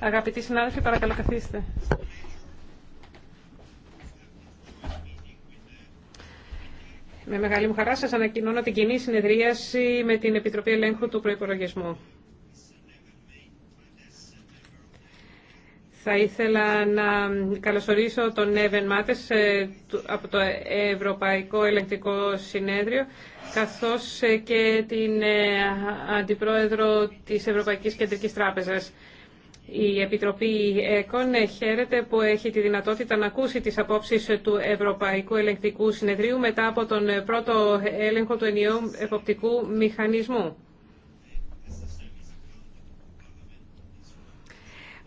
Αγαπητοί συνάδελφοι, παρακαλώ καθίστε. Με μεγάλη μου χαρά σας ανακοινώνω την κοινή συνεδρίαση με την Επιτροπή Ελέγχου του Προϋπολογισμού. Θα ήθελα να καλωσορίσω τον Εύεν Μάτες ε, από το Ευρωπαϊκό Ελεγκτικό Συνέδριο καθώς ε, και την ε, Αντιπρόεδρο της Ευρωπαϊκής Κεντρικής Τράπεζας. Η Επιτροπή ΕΚΟΝ χαίρεται που έχει τη δυνατότητα να ακούσει τις απόψεις του Ευρωπαϊκού Ελεκτικού Συνεδρίου μετά από τον πρώτο έλεγχο του ενιαίου εποπτικού μηχανισμού.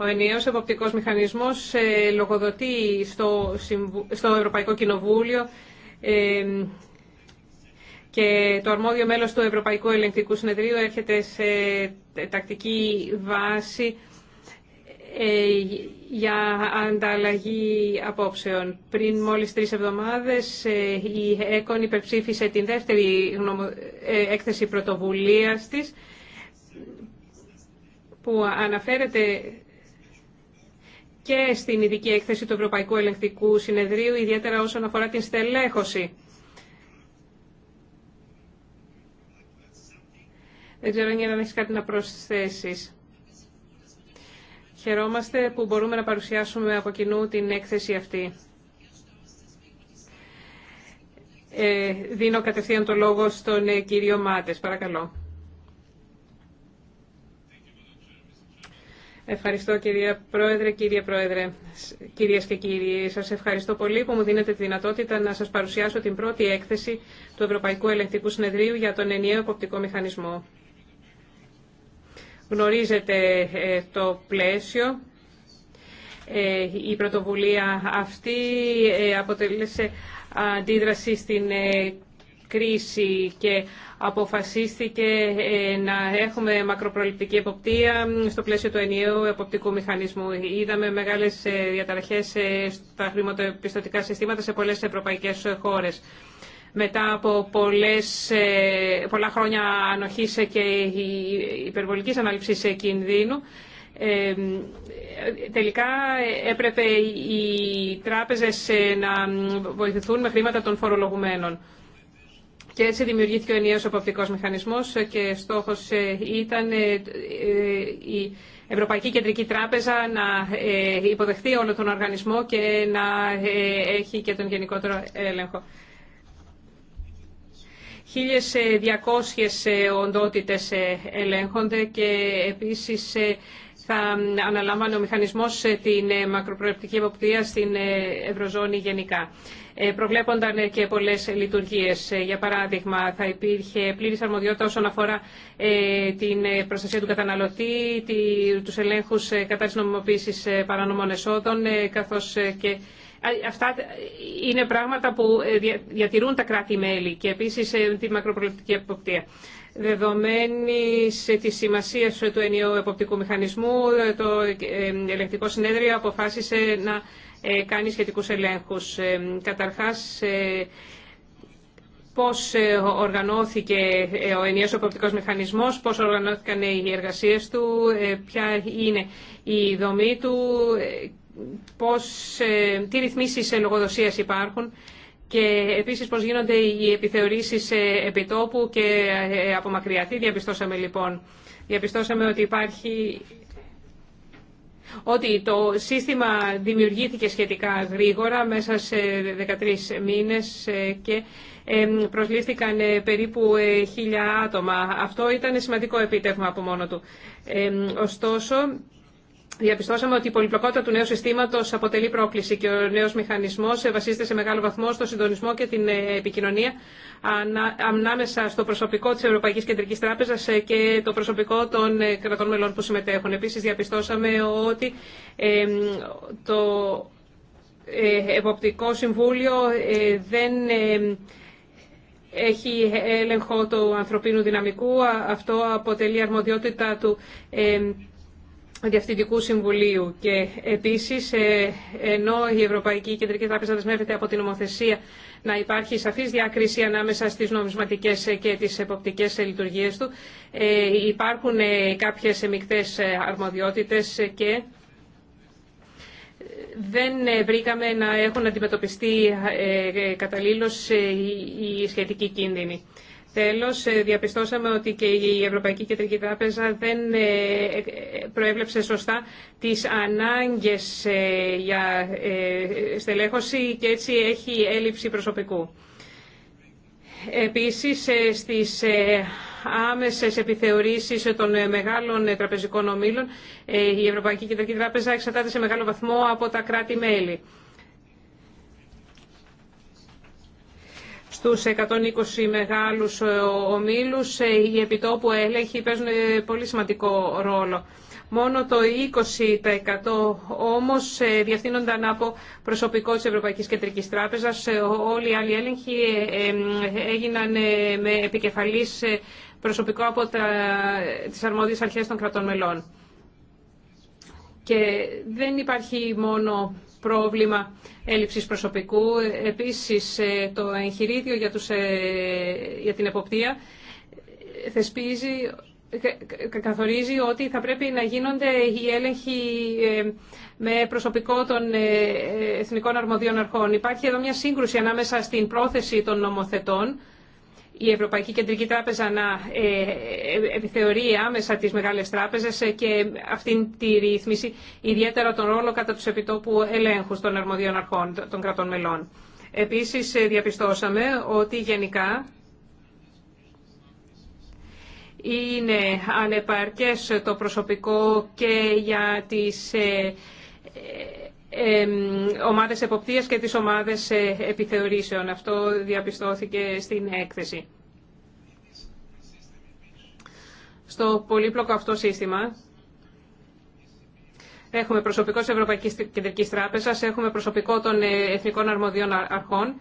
Ο ενιαίος εποπτικός μηχανισμός ε, λογοδοτεί στο, στο Ευρωπαϊκό Κοινοβούλιο ε, και το αρμόδιο μέλος του Ευρωπαϊκού Ελεγκτικού Συνεδρίου έρχεται σε τακτική βάση ε, για ανταλλαγή απόψεων. Πριν μόλις τρεις εβδομάδες η ΕΚΟΝ υπερψήφισε την δεύτερη έκθεση πρωτοβουλίας της που αναφέρεται και στην ειδική έκθεση του Ευρωπαϊκού Ελεγκτικού Συνεδρίου, ιδιαίτερα όσον αφορά την στελέχωση. Δεν ξέρω αν έχει κάτι να προσθέσεις. Χαιρόμαστε που μπορούμε να παρουσιάσουμε από κοινού την έκθεση αυτή. Ε, δίνω κατευθείαν το λόγο στον ε, κύριο Μάτες. Παρακαλώ. Ευχαριστώ κυρία Πρόεδρε, κύριε Πρόεδρε, κυρίες και κύριοι. Σας ευχαριστώ πολύ που μου δίνετε τη δυνατότητα να σας παρουσιάσω την πρώτη έκθεση του Ευρωπαϊκού Ελεκτικού Συνεδρίου για τον ενιαίο εποπτικό μηχανισμό. Γνωρίζετε ε, το πλαίσιο. Ε, η πρωτοβουλία αυτή ε, αποτελέσε αντίδραση στην κρίση και αποφασίστηκε ε, να έχουμε μακροπροληπτική εποπτεία στο πλαίσιο του ενιαίου εποπτικού μηχανισμού. Είδαμε μεγάλες ε, διαταραχές ε, στα χρηματοπιστωτικά συστήματα σε πολλές ευρωπαϊκές χώρες. Μετά από πολλές, πολλά χρόνια ανοχής και υπερβολικής ανάληψης κινδύνου, ε, τελικά έπρεπε οι τράπεζες να βοηθηθούν με χρήματα των φορολογουμένων. Και έτσι δημιουργήθηκε ο ενιαίος αποπτικός μηχανισμός και στόχος ε, ήταν ε, ε, η Ευρωπαϊκή Κεντρική Τράπεζα να υποδεχθεί όλο τον οργανισμό και να έχει και τον γενικότερο έλεγχο. 1.200 οντότητες ελέγχονται και επίσης θα αναλάμβανε ο μηχανισμός την μακροπροεπτική εποπτεία στην Ευρωζώνη γενικά. Ε, προβλέπονταν και πολλέ λειτουργίες. Ε, για παράδειγμα, θα υπήρχε πλήρης αρμοδιότητα όσον αφορά ε, την προστασία του καταναλωτή, τους ελέγχους κατά της νομιμοποίηση παρανομών εσόδων, καθώς και Αυτά είναι πράγματα που διατηρούν τα κράτη-μέλη και επίσης τη μακροπροληπτική εποπτεία. Δεδομένης τη σημασία του ενιαίου εποπτικού μηχανισμού, το ελεγκτικό συνέδριο αποφάσισε να ε, κάνει σχετικούς ελέγχους. Ε, καταρχάς, ε, πώς οργανώθηκε ο ενιαίος οπτικός μηχανισμός, πώς οργανώθηκαν οι εργασίες του, ποια είναι η δομή του, πώς, τι ρυθμίσεις λογοδοσίας υπάρχουν και επίσης πώς γίνονται οι επιθεωρήσεις επιτόπου και από μακριά. Τι διαπιστώσαμε λοιπόν. Διαπιστώσαμε ότι υπάρχει ότι το σύστημα δημιουργήθηκε σχετικά γρήγορα, μέσα σε 13 μήνες ε, και προσλήφθηκαν ε, περίπου ε, χίλια άτομα. Αυτό ήταν σημαντικό επίτευγμα από μόνο του. Ωστόσο, Διαπιστώσαμε ότι η πολυπλοκότητα του νέου συστήματο αποτελεί πρόκληση και ο νέο μηχανισμό ε, βασίζεται σε μεγάλο βαθμό στο συντονισμό και την ε, επικοινωνία ανάμεσα στο προσωπικό τη Ευρωπαϊκή Κεντρική Τράπεζα ε, και το προσωπικό των κρατών μελών που συμμετέχουν. Επίση, διαπιστώσαμε ότι το Εποπτικό Συμβούλιο δεν έχει έλεγχο του ανθρωπίνου δυναμικού. Αυτό αποτελεί αρμοδιότητα του Διευθυντικού Συμβουλίου και επίσης ε, ενώ η Ευρωπαϊκή Κεντρική Τράπεζα δεσμεύεται από την νομοθεσία να υπάρχει σαφής διάκριση ανάμεσα στις νομισματικές και τις εποπτικές λειτουργίες του ε, υπάρχουν ε, κάποιες μεικτέ αρμοδιότητες και δεν βρήκαμε να έχουν αντιμετωπιστεί καταλήλως οι σχετικοί κίνδυνοι. Τέλος, ε, διαπιστώσαμε ότι και η Ευρωπαϊκή Κεντρική Τράπεζα δεν ε, ε, προέβλεψε σωστά τις ανάγκες για στελέχωση και έτσι έχει έλλειψη προσωπικού. Επίσης, στις άμεσες επιθεωρήσεις των μεγάλων τραπεζικών ομίλων, η Ευρωπαϊκή Κεντρική Τράπεζα εξαρτάται σε μεγάλο βαθμό από τα κράτη-μέλη. στους 120 μεγάλους ε, ομίλους ε, οι επιτόπου έλεγχοι παίζουν ε, πολύ σημαντικό ρόλο. Μόνο το 20% όμως διευθύνονταν από προσωπικό της Ευρωπαϊκής Κεντρικής Τράπεζας. Όλοι οι άλλοι έλεγχοι έγιναν με επικεφαλής προσωπικό από τι τις αρμόδιες αρχές των κρατών μελών. Και δεν υπάρχει μόνο πρόβλημα έλλειψης προσωπικού. Επίσης, ε, το εγχειρίδιο για, τους, ε, για την εποπτεία ε, θεσπίζει, καθορίζει ότι θα πρέπει να γίνονται οι έλεγχοι με προσωπικό των εθνικών αρμοδίων αρχών. Υπάρχει εδώ μια σύγκρουση ανάμεσα στην πρόθεση των νομοθετών η Ευρωπαϊκή Κεντρική Τράπεζα να ε, ε, επιθεωρεί άμεσα τις μεγάλες τράπεζες ε, και αυτή τη ρύθμιση, ιδιαίτερα τον ρόλο κατά τους επιτόπου ελέγχου των αρμοδίων αρχών των κρατών μελών. Επίσης, διαπιστώσαμε ότι γενικά είναι ανεπαρκές το προσωπικό και για τις ομάδες εποπτείας και τις ομάδες ε, επιθεωρήσεων. Αυτό διαπιστώθηκε στην έκθεση. Στο πολύπλοκο αυτό σύστημα έχουμε προσωπικό της Ευρωπαϊκής Κεντρικής Τράπεζας, έχουμε προσωπικό των ε, Εθνικών Αρμοδίων Αρχών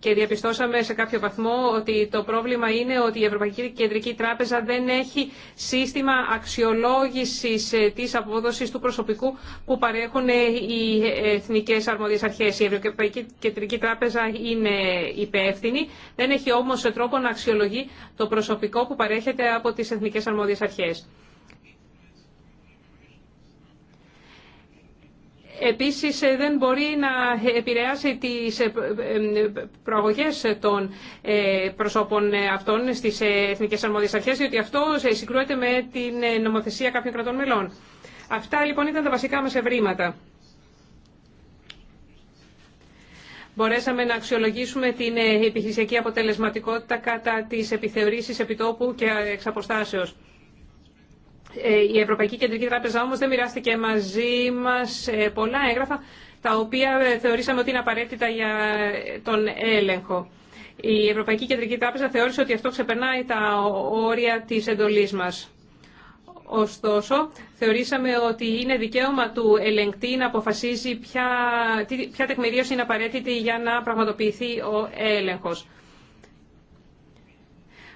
και διαπιστώσαμε σε κάποιο βαθμό ότι το πρόβλημα είναι ότι η Ευρωπαϊκή Κεντρική Τράπεζα δεν έχει σύστημα αξιολόγησης ε, της απόδοσης του προσωπικού που παρέχουν ε, οι εθνικές αρμόδιες αρχές. Η Ευρωπαϊκή Κεντρική Τράπεζα είναι υπεύθυνη, δεν έχει όμως τρόπο να αξιολογεί το προσωπικό που παρέχεται από τις εθνικές αρμόδιες αρχές. Επίσης ε, δεν μπορεί να επηρεάσει τις ε, ε, προαγωγές των προσώπων αυτών στις Εθνικές Αρμόδιες Αρχές, διότι αυτό συγκρούεται με την νομοθεσία κάποιων κρατών μελών. Αυτά λοιπόν ήταν τα βασικά μας ευρήματα. Μπορέσαμε να αξιολογήσουμε την επιχειρησιακή αποτελεσματικότητα κατά τις επιθεωρήσεις επιτόπου και εξ αποστάσεως. Ε, η Ευρωπαϊκή Κεντρική Τράπεζα όμως δεν μοιράστηκε μαζί μας ε, πολλά έγγραφα τα οποία ε, θεωρήσαμε ότι είναι απαραίτητα για τον έλεγχο. Η Ευρωπαϊκή Κεντρική Τράπεζα θεώρησε ότι αυτό ξεπερνάει τα όρια της εντολής μας. Ωστόσο, θεωρήσαμε ότι είναι δικαίωμα του ελεγκτή να αποφασίζει ποια, ποια τεκμηρίωση είναι απαραίτητη για να πραγματοποιηθεί ο έλεγχος.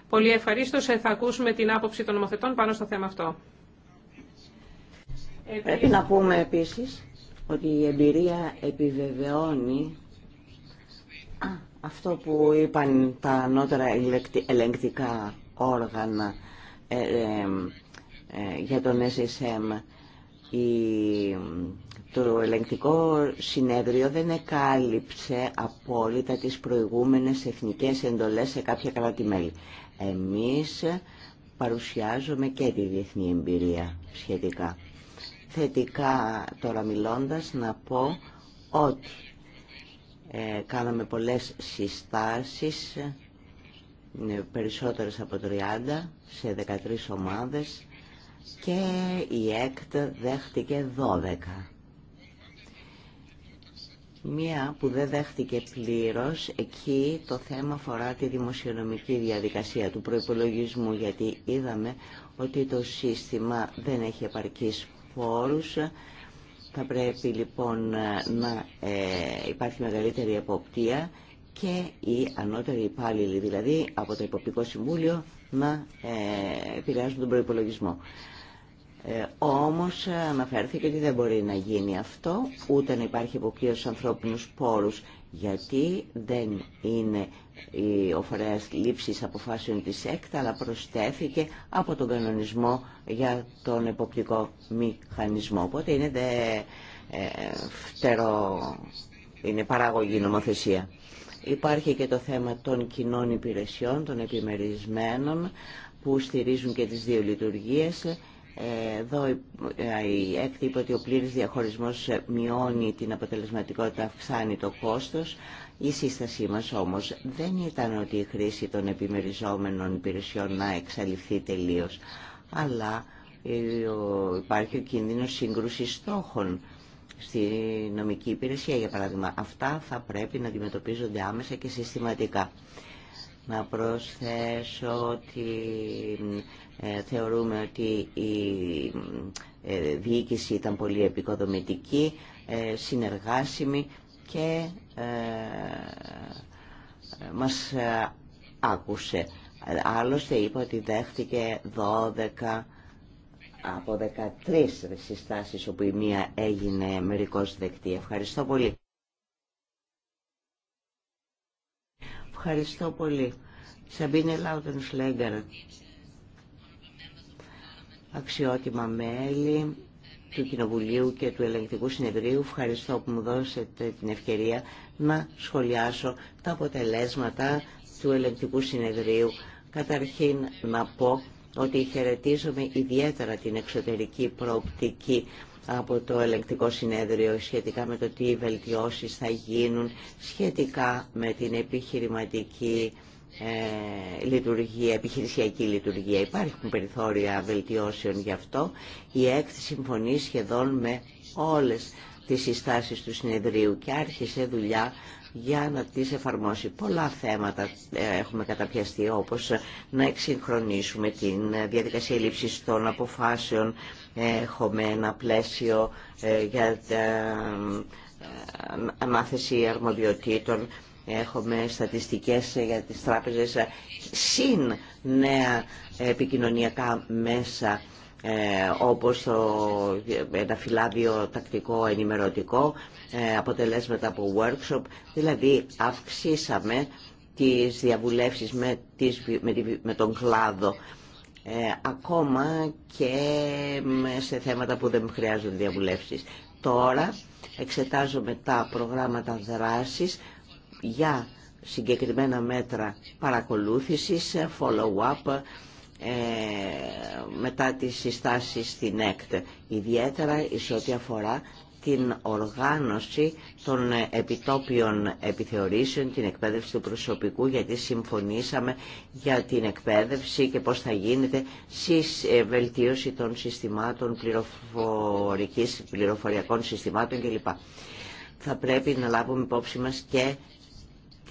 Πολύ ευχαρίστω θα ακούσουμε την άποψη των νομοθετών πάνω στο θέμα αυτό. Πρέπει να πούμε επίσης ότι η εμπειρία επιβεβαιώνει αυτό που είπαν τα ανώτερα ελεγκτικά όργανα ε, ε, ε, για τον SSM. Το ελεγκτικό συνέδριο δεν εκάλυψε απόλυτα τις προηγούμενες εθνικές εντολές σε κάποια κράτη-μέλη. Εμείς παρουσιάζουμε και τη διεθνή εμπειρία σχετικά. Θετικά τώρα μιλώντας να πω ότι ε, κάναμε πολλές συστάσεις, ε, περισσότερες από 30 σε 13 ομάδες και η ΕΚΤ δέχτηκε 12. Μία που δεν δέχτηκε πλήρως, εκεί το θέμα αφορά τη δημοσιονομική διαδικασία του προϋπολογισμού, γιατί είδαμε ότι το σύστημα δεν έχει επαρκείς φόρους. Θα πρέπει λοιπόν να ε, υπάρχει μεγαλύτερη εποπτεία και οι ανώτεροι υπάλληλοι, δηλαδή από το Υποπτικό Συμβούλιο, να ε, επηρεάζουν τον προϋπολογισμό. Ε, όμως ε, αναφέρθηκε ότι δεν μπορεί να γίνει αυτό, ούτε να υπάρχει υποκλείωση ανθρώπινους πόρους, γιατί δεν είναι ο φορέας λήψης αποφάσεων της έκτα αλλά προστέθηκε από τον κανονισμό για τον εποπτικό μηχανισμό. Οπότε είναι, δε, ε, φτερο, είναι παράγωγη νομοθεσία. Υπάρχει και το θέμα των κοινών υπηρεσιών, των επιμερισμένων, που στηρίζουν και τις δύο λειτουργίες εδώ η έκτη είπε ότι ο πλήρης διαχωρισμός μειώνει την αποτελεσματικότητα, αυξάνει το κόστος. Η σύστασή μας όμως δεν ήταν ότι η χρήση των επιμεριζόμενων υπηρεσιών να εξαλειφθεί τελείως, αλλά υπάρχει ο κίνδυνος σύγκρουσης στόχων στη νομική υπηρεσία, για παράδειγμα. Αυτά θα πρέπει να αντιμετωπίζονται άμεσα και συστηματικά. Να προσθέσω ότι ε, θεωρούμε ότι η ε, διοίκηση ήταν πολύ επικοδομητική, ε, συνεργάσιμη και μας άκουσε. Άλλωστε είπε ότι δέχτηκε 12 από 13 συστάσεις όπου η μία έγινε μερικώς δεκτή. Ευχαριστώ πολύ. Ευχαριστώ πολύ. Σαμπίνε Λάουτεν Σλέγκαρ αξιότιμα μέλη του Κοινοβουλίου και του Ελεγκτικού Συνεδρίου. Ευχαριστώ που μου δώσετε την ευκαιρία να σχολιάσω τα αποτελέσματα του Ελεγκτικού Συνεδρίου. Καταρχήν να πω ότι χαιρετίζομαι ιδιαίτερα την εξωτερική προοπτική από το ελεγκτικό συνέδριο σχετικά με το τι βελτιώσεις θα γίνουν σχετικά με την επιχειρηματική ε, λειτουργία, επιχειρησιακή λειτουργία. Υπάρχουν περιθώρια βελτιώσεων γι' αυτό. Η ΕΚΤ συμφωνεί σχεδόν με όλες τις συστάσεις του συνεδρίου και άρχισε δουλειά για να τις εφαρμόσει. Πολλά θέματα ε, έχουμε καταπιαστεί όπως να εξυγχρονίσουμε την διαδικασία λήψης των αποφάσεων. Έχουμε ένα πλαίσιο ε, για ανάθεση αρμοδιοτήτων Έχουμε στατιστικές για τις τράπεζες συν νέα επικοινωνιακά μέσα ε, όπως το, ένα φυλάδιο τακτικό ενημερωτικό, ε, αποτελέσματα από workshop, δηλαδή αυξήσαμε τις διαβουλεύσεις με, με, τον κλάδο ε, ακόμα και σε θέματα που δεν χρειάζονται διαβουλεύσεις. Τώρα εξετάζουμε τα προγράμματα δράσης για συγκεκριμένα μέτρα παρακολούθησης, follow-up, ε, μετά τις συστάσεις στην ΕΚΤ, ιδιαίτερα σε ό,τι αφορά την οργάνωση των επιτόπιων επιθεωρήσεων, την εκπαίδευση του προσωπικού, γιατί συμφωνήσαμε για την εκπαίδευση και πώς θα γίνεται στη ε, βελτίωση των συστημάτων πληροφορικής, πληροφοριακών συστημάτων κλπ. Θα πρέπει να λάβουμε υπόψη μας και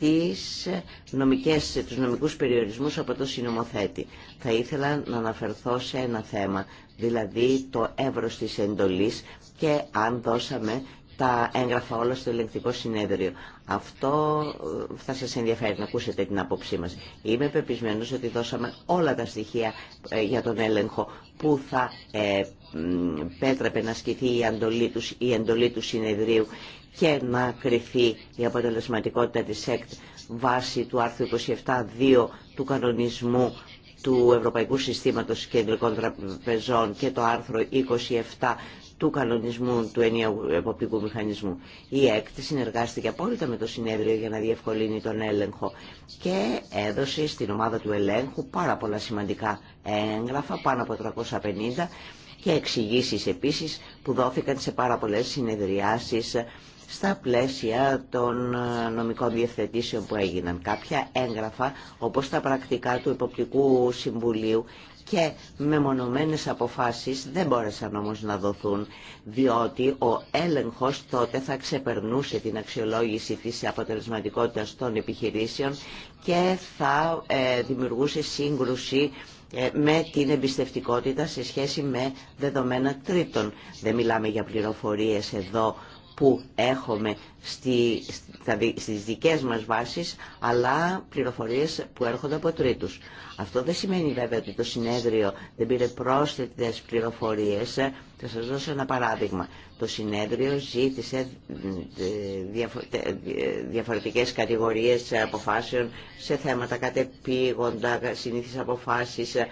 τις ε, νομικές, τους νομικούς περιορισμούς από το συνομοθέτη. Θα ήθελα να αναφερθώ σε ένα θέμα, δηλαδή το εύρος της εντολής και αν δώσαμε τα έγγραφα όλα στο ελεγκτικό συνέδριο. Αυτό ε, θα σας ενδιαφέρει να ακούσετε την άποψή μας. Είμαι πεπισμένος ότι δώσαμε όλα τα στοιχεία ε, για τον έλεγχο που θα ε, πέτρεπε να ασκηθεί η η εντολή του συνεδρίου και να κρυφεί η αποτελεσματικότητα της ΕΚΤ βάσει του άρθρου 27.2 του κανονισμού του Ευρωπαϊκού Συστήματος Κεντρικών Τραπεζών και το άρθρο 27 του κανονισμού του ενιαίου εποπτικού μηχανισμού. Η ΕΚΤ συνεργάστηκε απόλυτα με το συνέδριο για να διευκολύνει τον έλεγχο και έδωσε στην ομάδα του ελέγχου πάρα πολλά σημαντικά έγγραφα, πάνω από 350 και εξηγήσει επίσης που δόθηκαν σε πάρα πολλές συνεδριάσεις στα πλαίσια των ε, νομικών διευθετήσεων που έγιναν. Κάποια έγγραφα, όπως τα πρακτικά του Υποπτικού Συμβουλίου και μεμονωμένες αποφάσεις δεν μπόρεσαν όμως να δοθούν, διότι ο έλεγχος τότε θα ξεπερνούσε την αξιολόγηση της αποτελεσματικότητας των επιχειρήσεων και θα ε, δημιουργούσε σύγκρουση ε, με την εμπιστευτικότητα σε σχέση με δεδομένα τρίτων. Δεν μιλάμε για πληροφορίες εδώ που έχουμε στη, στα, στις δικές μας βάσεις, αλλά πληροφορίες που έρχονται από τρίτους. Αυτό δεν σημαίνει βέβαια ότι το συνέδριο δεν πήρε πρόσθετες πληροφορίες. Θα σας δώσω ένα παράδειγμα. Το συνέδριο ζήτησε ε, διαφορετικές κατηγορίες αποφάσεων σε θέματα κατεπήγοντα, συνήθεις αποφάσεις, ε,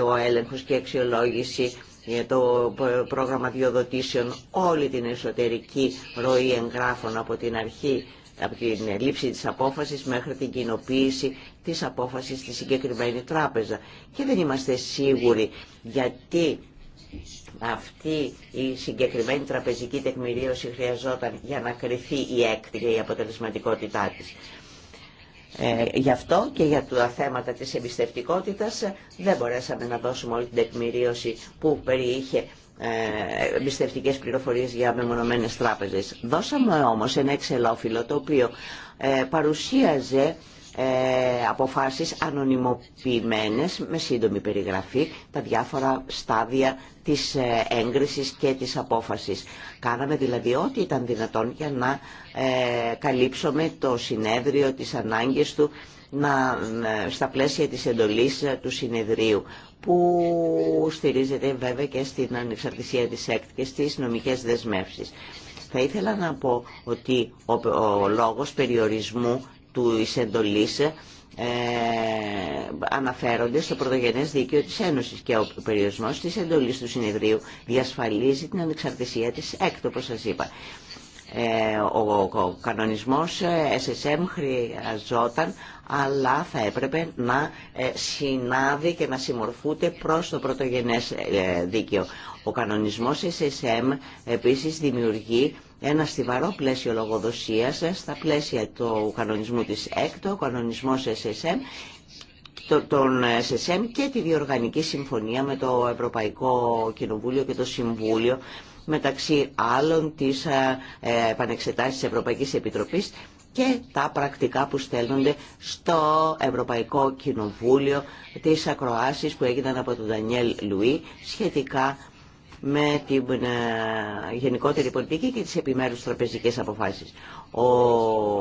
ο έλεγχος και αξιολόγηση, για ε, το πρόγραμμα διοδοτήσεων όλη την εσωτερική ροή εγγράφων από την αρχή από την λήψη της απόφασης μέχρι την κοινοποίηση της απόφασης στη συγκεκριμένη τράπεζα. Και δεν είμαστε σίγουροι γιατί αυτή η συγκεκριμένη τραπεζική τεκμηρίωση χρειαζόταν για να κρυθεί η έκτη και η αποτελεσματικότητά της. Ε, γι' αυτό και για τα θέματα της εμπιστευτικότητας ε, δεν μπορέσαμε να δώσουμε όλη την τεκμηρίωση που περιείχε ε, εμπιστευτικές πληροφορίες για μεμονωμένες τράπεζες. Δώσαμε όμως ένα εξελόφυλλο το οποίο ε, παρουσίαζε ε, αποφάσεις ανωνυμοποιημένες με σύντομη περιγραφή τα διάφορα στάδια της ε, έγκρισης και της απόφασης. Κάναμε δηλαδή ό,τι ήταν δυνατόν για να ε, καλύψουμε το συνέδριο, της ανάγκης του να, στα πλαίσια της εντολής του συνεδρίου που στηρίζεται βέβαια και στην ανεξαρτησία της ΕΚΤ και στις νομικές δεσμεύσεις. Θα ήθελα να πω ότι ο, ο λόγος περιορισμού του εισεντολής ε, αναφέρονται στο πρωτογενές δίκαιο της Ένωσης και ο περιορισμός της εντολής του συνεδρίου διασφαλίζει την ανεξαρτησία της έκτο, όπως σας είπα. Ε, ο, κανονισμός ε, SSM χρειαζόταν αλλά θα έπρεπε να ε, συνάδει και να συμμορφούνται προς το πρωτογενές δίκαιο. Ο κανονισμός SSM επίσης δημιουργεί ένα στιβαρό πλαίσιο λογοδοσίας ε, στα πλαίσια του κανονισμού της ΕΚΤΟ, ο κανονισμός SSM, τον SSM και τη διοργανική συμφωνία με το Ευρωπαϊκό Κοινοβούλιο και το Συμβούλιο μεταξύ άλλων της ε, επανεξετάσεις τη Ευρωπαϊκής Επιτροπής και τα πρακτικά που στέλνονται στο Ευρωπαϊκό Κοινοβούλιο, της Ακροάσης που έγιναν από τον Δανιέλ Λουί σχετικά με την ε, γενικότερη πολιτική και τις επιμέρους τραπεζικές αποφάσεις. Ο,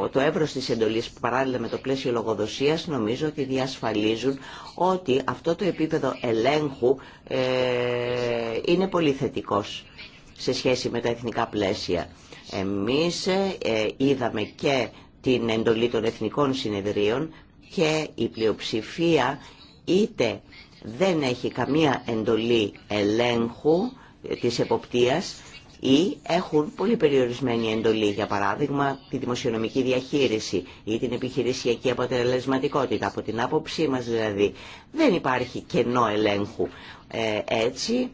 το εύρος της εντολής παράλληλα με το πλαίσιο λογοδοσίας νομίζω ότι διασφαλίζουν ότι αυτό το επίπεδο ελέγχου ε, είναι πολύ θετικός σε σχέση με τα εθνικά πλαίσια. Εμείς ε, ε, είδαμε και την εντολή των εθνικών συνεδρίων και η πλειοψηφία είτε δεν έχει καμία εντολή ελέγχου της εποπτείας ή έχουν πολύ περιορισμένη εντολή, για παράδειγμα τη δημοσιονομική διαχείριση ή την επιχειρησιακή αποτελεσματικότητα. Από την άποψή μας δηλαδή δεν υπάρχει κενό ελέγχου. Ε, έτσι,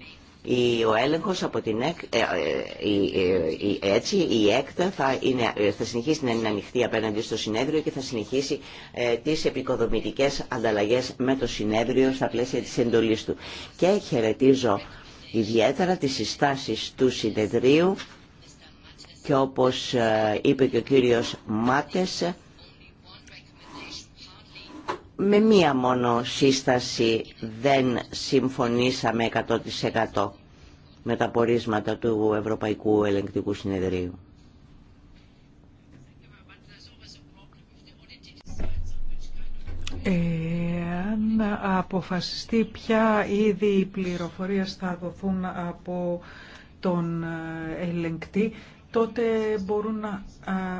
ο έλεγχος από την ε, ε, έτσι η ΕΚΤΑ θα, συνεχίσει να είναι ανοιχτή απέναντι στο συνέδριο και θα συνεχίσει ε, τις επικοδομητικές ανταλλαγές με το συνέδριο στα πλαίσια της εντολής του. Και χαιρετίζω ιδιαίτερα τις συστάσεις του συνεδρίου και όπως ε, είπε και ο κύριος Μάτες, με μία μόνο σύσταση δεν συμφωνήσαμε 100% με τα πορίσματα του Ευρωπαϊκού Ελεγκτικού Συνεδρίου. Ε, αν αποφασιστεί ποια είδη πληροφορία θα δοθούν από τον ελεγκτή, τότε μπορούν να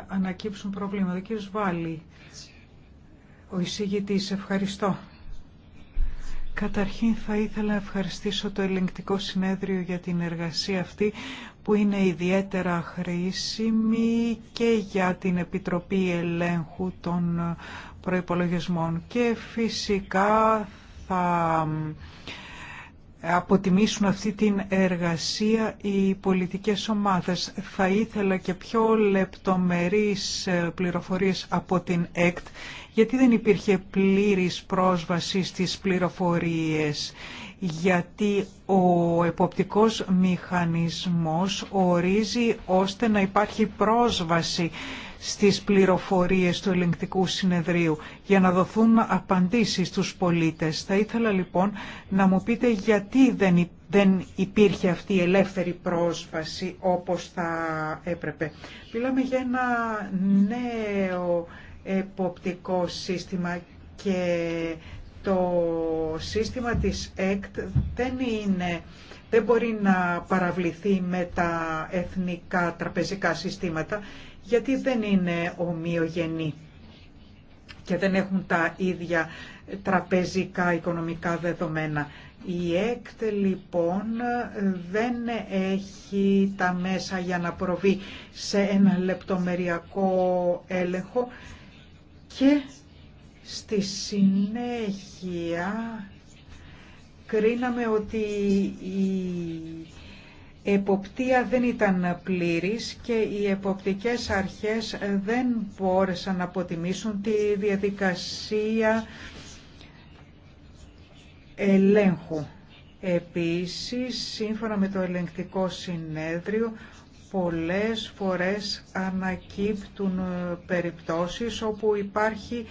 ανακύψουν προβλήματα. Κύριε Βάλλη, ο εισηγητής, ευχαριστώ. Καταρχήν θα ήθελα να ευχαριστήσω το ελεγκτικό συνέδριο για την εργασία αυτή που είναι ιδιαίτερα χρήσιμη και για την Επιτροπή Ελέγχου των προϋπολογισμών και φυσικά θα αποτιμήσουν αυτή την εργασία οι πολιτικές ομάδες. Θα ήθελα και πιο λεπτομερείς ε, πληροφορίες από την ΕΚΤ, γιατί δεν υπήρχε πλήρης πρόσβαση στις πληροφορίες, γιατί ο εποπτικός μηχανισμός ορίζει ώστε να υπάρχει πρόσβαση στις πληροφορίες του ελεγκτικού συνεδρίου για να δοθούν απαντήσεις στους πολίτες. Θα ήθελα λοιπόν να μου πείτε γιατί δεν, υπήρχε αυτή η ελεύθερη πρόσβαση όπως θα έπρεπε. Μιλάμε για ένα νέο εποπτικό σύστημα και το σύστημα της ΕΚΤ είναι δεν μπορεί να παραβληθεί με τα εθνικά τραπεζικά συστήματα γιατί δεν είναι ομοιογενή και δεν έχουν τα ίδια τραπεζικά οικονομικά δεδομένα. Η ΕΚΤ λοιπόν δεν έχει τα μέσα για να προβεί σε ένα λεπτομεριακό έλεγχο και στη συνέχεια κρίναμε ότι η εποπτεία δεν ήταν πλήρης και οι εποπτικές αρχές δεν μπόρεσαν να αποτιμήσουν τη διαδικασία ελέγχου. Επίσης, σύμφωνα με το ελεγκτικό συνέδριο, πολλές φορές ανακύπτουν περιπτώσεις όπου υπάρχει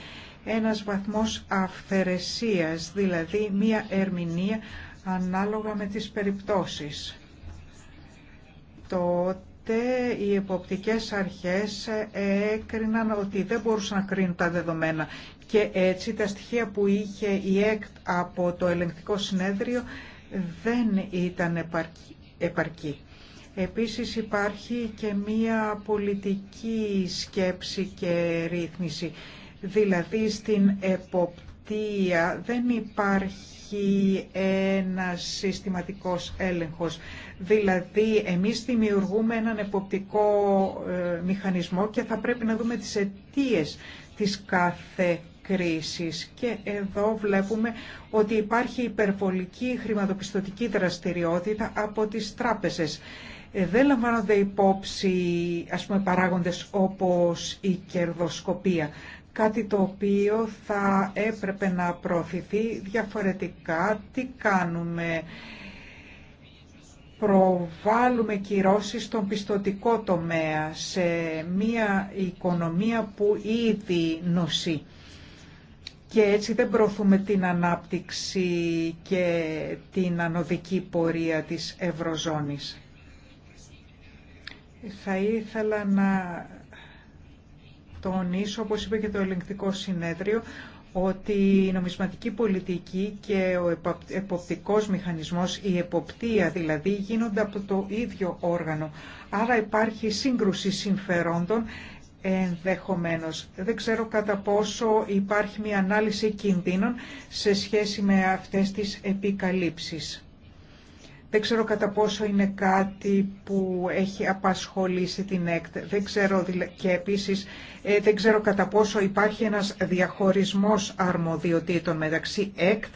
ένας βαθμός αυθαιρεσίας, δηλαδή μία ερμηνεία ανάλογα με τις περιπτώσεις τότε οι εποπτικές αρχές έκριναν ότι δεν μπορούσαν να κρίνουν τα δεδομένα και έτσι τα στοιχεία που είχε η ΕΚΤ από το ελεγκτικό συνέδριο δεν ήταν επαρκή. Επίσης υπάρχει και μία πολιτική σκέψη και ρύθμιση. Δηλαδή στην εποπτεία δεν υπάρχει υπάρχει ένα συστηματικός έλεγχος. Δηλαδή, εμείς δημιουργούμε έναν εποπτικό ε, μηχανισμό και θα πρέπει να δούμε τις αιτίες της κάθε κρίσης. Και εδώ βλέπουμε ότι υπάρχει υπερβολική χρηματοπιστωτική δραστηριότητα από τις τράπεζες. Ε, δεν λαμβάνονται υπόψη, ας πούμε, παράγοντες όπως η κερδοσκοπία κάτι το οποίο θα έπρεπε να προωθηθεί διαφορετικά. Τι κάνουμε, προβάλλουμε κυρώσεις στον πιστοτικό τομέα, σε μια οικονομία που ήδη νοσεί. Και έτσι δεν προωθούμε την ανάπτυξη και την ανωδική πορεία της Ευρωζώνης. Θα ήθελα να τονίσω, όπως είπε και το ελεγκτικό συνέδριο, ότι η νομισματική πολιτική και ο εποπτικός μηχανισμός, η εποπτεία δηλαδή, γίνονται από το ίδιο όργανο. Άρα υπάρχει σύγκρουση συμφερόντων ενδεχομένως. Δεν ξέρω κατά πόσο υπάρχει μια ανάλυση κινδύνων σε σχέση με αυτές τις επικαλύψεις. Δεν ξέρω κατά πόσο είναι κάτι που έχει απασχολήσει την ΕΚΤ. Δεν ξέρω, και επίσης ε, δεν ξέρω κατά πόσο υπάρχει ένας διαχωρισμός αρμοδιοτήτων μεταξύ ΕΚΤ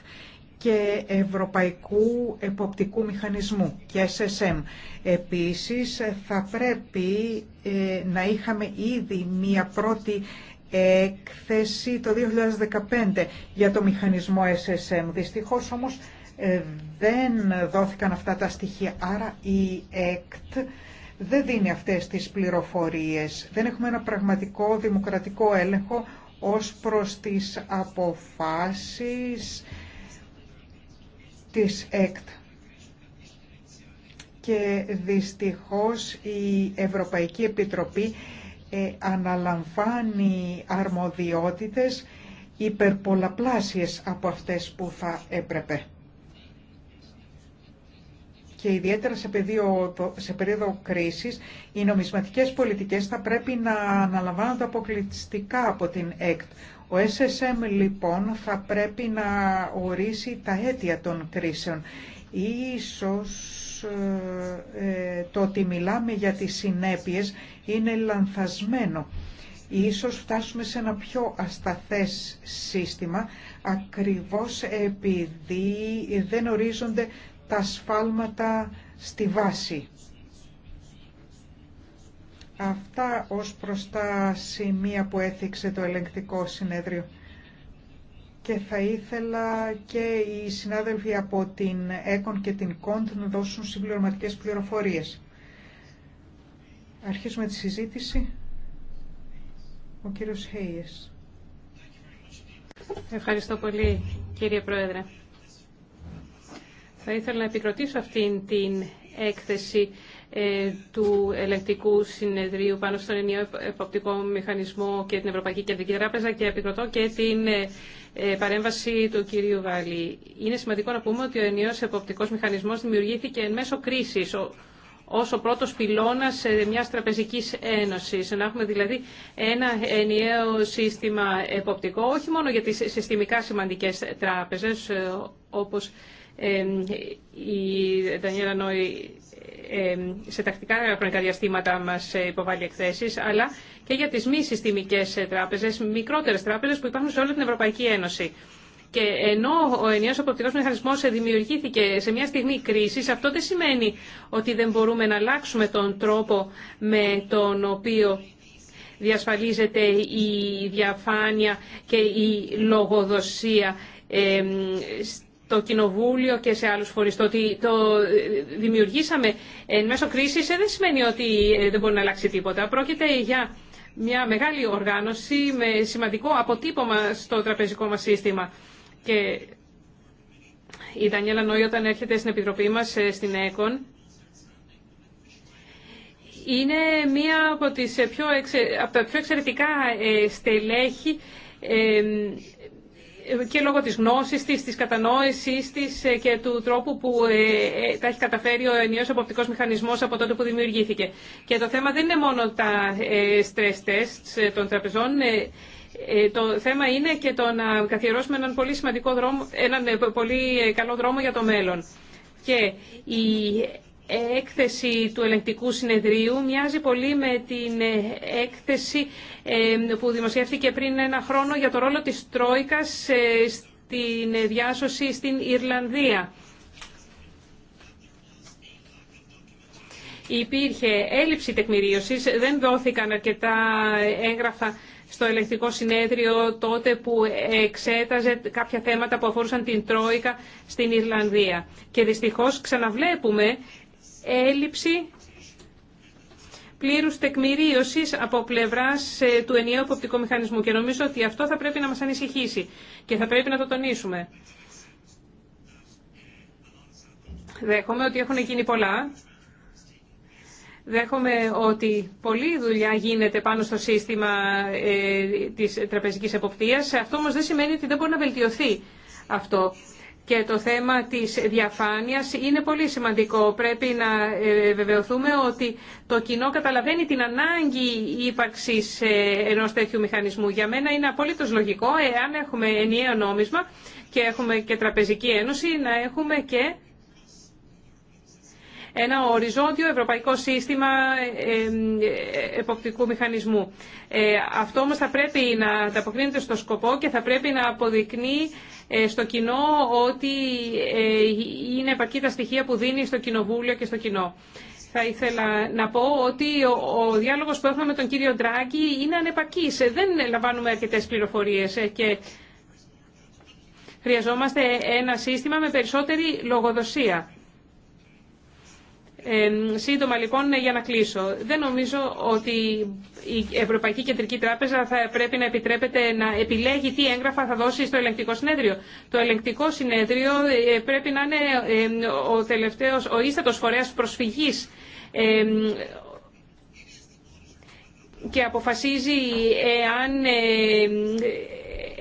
και Ευρωπαϊκού Εποπτικού Μηχανισμού και SSM. Επίσης ε, θα πρέπει ε, να είχαμε ήδη μία πρώτη έκθεση το 2015 για το μηχανισμό SSM. Δυστυχώς όμως ε, δεν δόθηκαν αυτά τα στοιχεία. Άρα η ΕΚΤ δεν δίνει αυτές τις πληροφορίες. Δεν έχουμε ένα πραγματικό δημοκρατικό έλεγχο ως προς τις αποφάσεις της ΕΚΤ. Και δυστυχώς η Ευρωπαϊκή Επιτροπή ε, αναλαμβάνει αρμοδιότητες υπερπολαπλάσιες από αυτές που θα έπρεπε και ιδιαίτερα σε, πεδίο, σε περίοδο κρίσης, οι νομισματικές πολιτικές θα πρέπει να αναλαμβάνονται αποκλειστικά από την ΕΚΤ. Ο SSM λοιπόν θα πρέπει να ορίσει τα αίτια των κρίσεων. Ίσως ε, ε, το ότι μιλάμε για τις συνέπειες είναι λανθασμένο. Ίσως φτάσουμε σε ένα πιο ασταθές σύστημα ακριβώς επειδή δεν ορίζονται τα σφάλματα στη βάση. Αυτά ως προς τα σημεία που έθιξε το ελεγκτικό συνέδριο. Και θα ήθελα και οι συνάδελφοι από την ΕΚΟΝ και την ΚΟΝΤ να δώσουν συμπληρωματικές πληροφορίες. Αρχίζουμε τη συζήτηση. Ο κύριος Χέιες. Ευχαριστώ πολύ κύριε Πρόεδρε. Θα ήθελα να επικροτήσω αυτήν την έκθεση ε, του ελεκτικού συνεδρίου πάνω στον ενιαίο εποπτικό μηχανισμό και την Ευρωπαϊκή Κεντρική Τράπεζα και επικροτώ και την ε, ε, παρέμβαση του κυρίου Βαλή. Είναι σημαντικό να πούμε ότι ο ενιαίος εποπτικός μηχανισμός δημιουργήθηκε εν μέσω κρίσης ως ο πρώτος πυλώνας μια τραπεζικής ένωσης. Να έχουμε δηλαδή ένα ενιαίο σύστημα εποπτικό, όχι μόνο για τις συστημικά σημαντικές τράπεζες, όπως η Δανιέλα Νόη σε τακτικά χρονικά διαστήματα μα υποβάλλει εκθέσει, αλλά και για τι μη συστημικέ τράπεζε, μικρότερε τράπεζε που υπάρχουν σε όλη την Ευρωπαϊκή Ένωση. Και ενώ ο ενιαίο αποπτικό μηχανισμό δημιουργήθηκε σε μια στιγμή κρίση, αυτό δεν σημαίνει ότι δεν μπορούμε να αλλάξουμε τον τρόπο με τον οποίο διασφαλίζεται η διαφάνεια και η λογοδοσία το Κοινοβούλιο και σε άλλους φορείς. Το ότι το ε, δημιουργήσαμε εν μέσω κρίσης ε, δεν σημαίνει ότι ε, δεν μπορεί να αλλάξει τίποτα. Πρόκειται για μια μεγάλη οργάνωση με σημαντικό αποτύπωμα στο τραπεζικό μας σύστημα. Και η Δανιέλα Νόη όταν έρχεται στην Επιτροπή μας στην ΕΚΟΝ είναι μία από, τις πιο από τα πιο εξαιρετικά στελέχη και λόγω της γνώσης της, της κατανόησής της ε, και του τρόπου που ε, ε, τα έχει καταφέρει ο ενιαίος αποπτικός μηχανισμός από τότε που δημιουργήθηκε. Και το θέμα δεν είναι μόνο τα stress tests των τραπεζών, το θέμα είναι και το να καθιερώσουμε έναν πολύ σημαντικό δρόμο, έναν πολύ καλό δρόμο για το μέλλον. Και η έκθεση του ελεγκτικού συνεδρίου μοιάζει πολύ με την ε, έκθεση ε, που δημοσιεύθηκε πριν ένα χρόνο για το ρόλο της Τρόικας ε, στην διάσωση στην Ιρλανδία. Υπήρχε έλλειψη τεκμηρίωσης, δεν δόθηκαν αρκετά έγγραφα στο ελεκτικό συνέδριο τότε που εξέταζε κάποια θέματα που αφορούσαν την Τρόικα στην Ιρλανδία. Και δυστυχώς ξαναβλέπουμε έλλειψη πλήρους τεκμηρίωσης από πλευράς ε, του ενιαίου εποπτικού μηχανισμού και νομίζω ότι αυτό θα πρέπει να μας ανησυχήσει και θα πρέπει να το τονίσουμε. Δέχομαι ότι έχουν γίνει πολλά. Δέχομαι ότι πολλή δουλειά γίνεται πάνω στο σύστημα ε, της τραπεζικής εποπτείας. Αυτό όμως δεν σημαίνει ότι δεν μπορεί να βελτιωθεί αυτό και το θέμα της διαφάνειας είναι πολύ σημαντικό. Πρέπει να ε, βεβαιωθούμε ότι το κοινό καταλαβαίνει την ανάγκη ύπαρξης ε, ενός τέτοιου μηχανισμού. Για μένα είναι απολύτως λογικό, εάν έχουμε ενιαίο νόμισμα και έχουμε και τραπεζική ένωση, να έχουμε και ένα οριζόντιο ευρωπαϊκό σύστημα ε, εποπτικού μηχανισμού. Αυτό όμως θα πρέπει να ανταποκρίνεται στο σκοπό και θα πρέπει να αποδεικνύει ε, στο κοινό ότι ε, είναι επαρκή τα στοιχεία που δίνει στο κοινοβούλιο και στο κοινό. Θα ήθελα να πω ότι ο, ο διάλογος που έχουμε με τον κύριο Ντράγκη είναι ανεπαρκής. Δεν λαμβάνουμε αρκετές πληροφορίες ε, και χρειαζόμαστε ένα σύστημα με περισσότερη λογοδοσία. Ε, σύντομα λοιπόν ε, για να κλείσω. Δεν νομίζω ότι η Ευρωπαϊκή Κεντρική Τράπεζα θα πρέπει να επιτρέπεται να επιλέγει τι έγγραφα θα δώσει στο ελεγκτικό συνέδριο. Το ελεγκτικό συνέδριο ε, πρέπει να είναι ο τελευταίος, ο ίστατος φορέας προσφυγής και αποφασίζει εάν ε,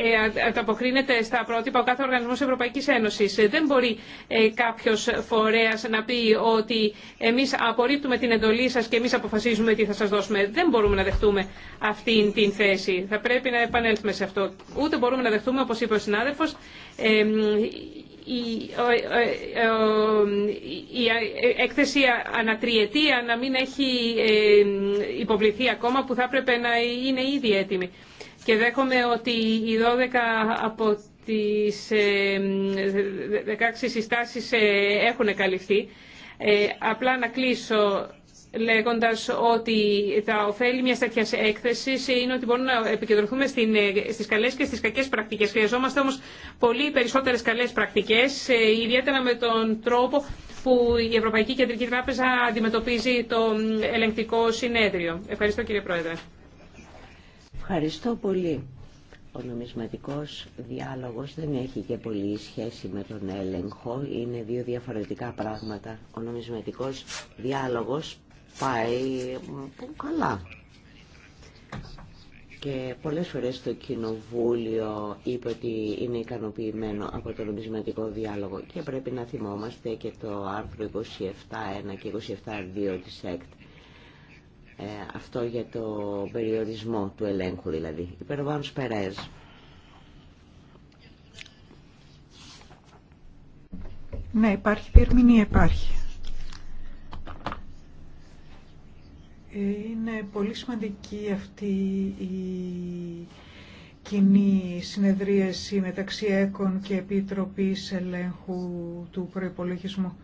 ε, ανταποκρίνεται στα πρότυπα ο κάθε οργανισμό ευρωπαϊκή Ένωση. Ε, δεν μπορεί ε, κάποιο φορέας να πει ότι εμεί απορρίπτουμε την εντολή σα και εμεί αποφασίζουμε τι θα σα δώσουμε. Δεν μπορούμε να δεχτούμε αυτή την θέση. Θα πρέπει να επανέλθουμε σε αυτό. Ούτε μπορούμε να δεχτούμε, όπω είπε ο συνάδελφο, η έκθεση ανατριετία να μην έχει υποβληθεί ακόμα που θα έπρεπε να είναι ήδη έτοιμη και δέχομαι ότι οι 12 από τις 16 ε, συστάσεις ε, έχουν καλυφθεί. Ε, απλά να κλείσω λέγοντας ότι τα ωφέλη μιας τέτοια έκθεσης είναι ότι μπορούμε να επικεντρωθούμε στις καλές και στις κακές πρακτικές. Χρειαζόμαστε όμως πολύ περισσότερες καλές πρακτικές, ιδιαίτερα με τον τρόπο που η Ευρωπαϊκή Κεντρική Τράπεζα αντιμετωπίζει το ελεγκτικό συνέδριο. Ευχαριστώ κύριε Πρόεδρε. Ευχαριστώ πολύ. Ο νομισματικός διάλογος δεν έχει και πολύ σχέση με τον έλεγχο. Είναι δύο διαφορετικά πράγματα. Ο νομισματικός διάλογος πάει καλά. Και πολλές φορές το Κοινοβούλιο είπε ότι είναι ικανοποιημένο από το νομισματικό διάλογο και πρέπει να θυμόμαστε και το άρθρο 27.1 και 27.2 της ΕΚΤ ε, αυτό για το περιορισμό του ελέγχου δηλαδή. Υπερβάνος Περέζ. Ναι, υπάρχει διερμηνία, υπάρχει. Είναι πολύ σημαντική αυτή η κοινή συνεδρίαση μεταξύ ΕΚΟΝ και Επιτροπής Ελέγχου του Προϋπολογισμού.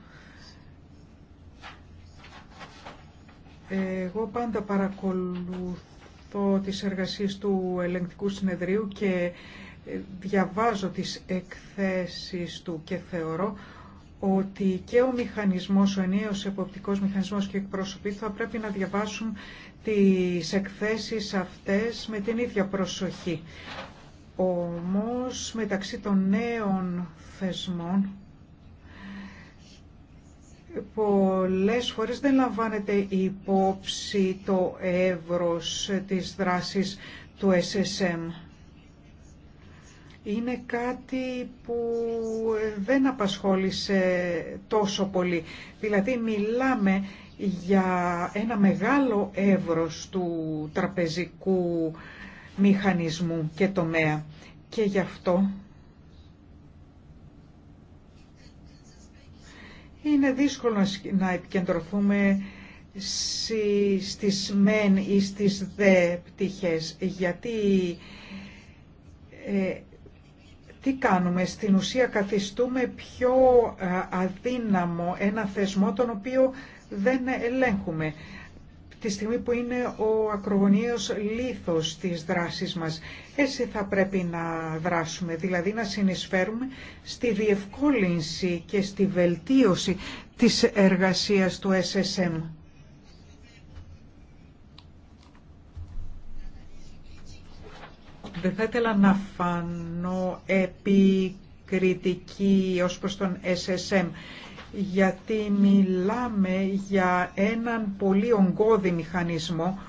Εγώ πάντα παρακολουθώ τις εργασίες του ελεγκτικού συνεδρίου και ε, διαβάζω τις εκθέσεις του και θεωρώ ότι και ο μηχανισμός, ο ενίος εποπτικός μηχανισμός και εκπροσωπή θα πρέπει να διαβάσουν τις εκθέσεις αυτές με την ίδια προσοχή. Όμως μεταξύ των νέων θεσμών πολλές φορές δεν λαμβάνεται υπόψη το εύρος της δράσης του SSM. Είναι κάτι που δεν απασχόλησε τόσο πολύ. Δηλαδή μιλάμε για ένα μεγάλο εύρος του τραπεζικού μηχανισμού και τομέα. Και γι' αυτό είναι δύσκολο να επικεντρωθούμε στις μεν ή στις δε πτυχές, γιατί ε, τι κάνουμε, στην ουσία καθιστούμε πιο ε, αδύναμο ένα θεσμό τον οποίο δεν ελέγχουμε τη στιγμή που είναι ο ακρογωνίος λίθος της δράσης μας. Έτσι θα πρέπει να δράσουμε, δηλαδή να συνεισφέρουμε στη διευκόλυνση και στη βελτίωση της εργασίας του SSM. Δεν θα ήθελα να φανώ επικριτική ως προς τον SSM γιατί μιλάμε για έναν πολύ ογκώδη μηχανισμό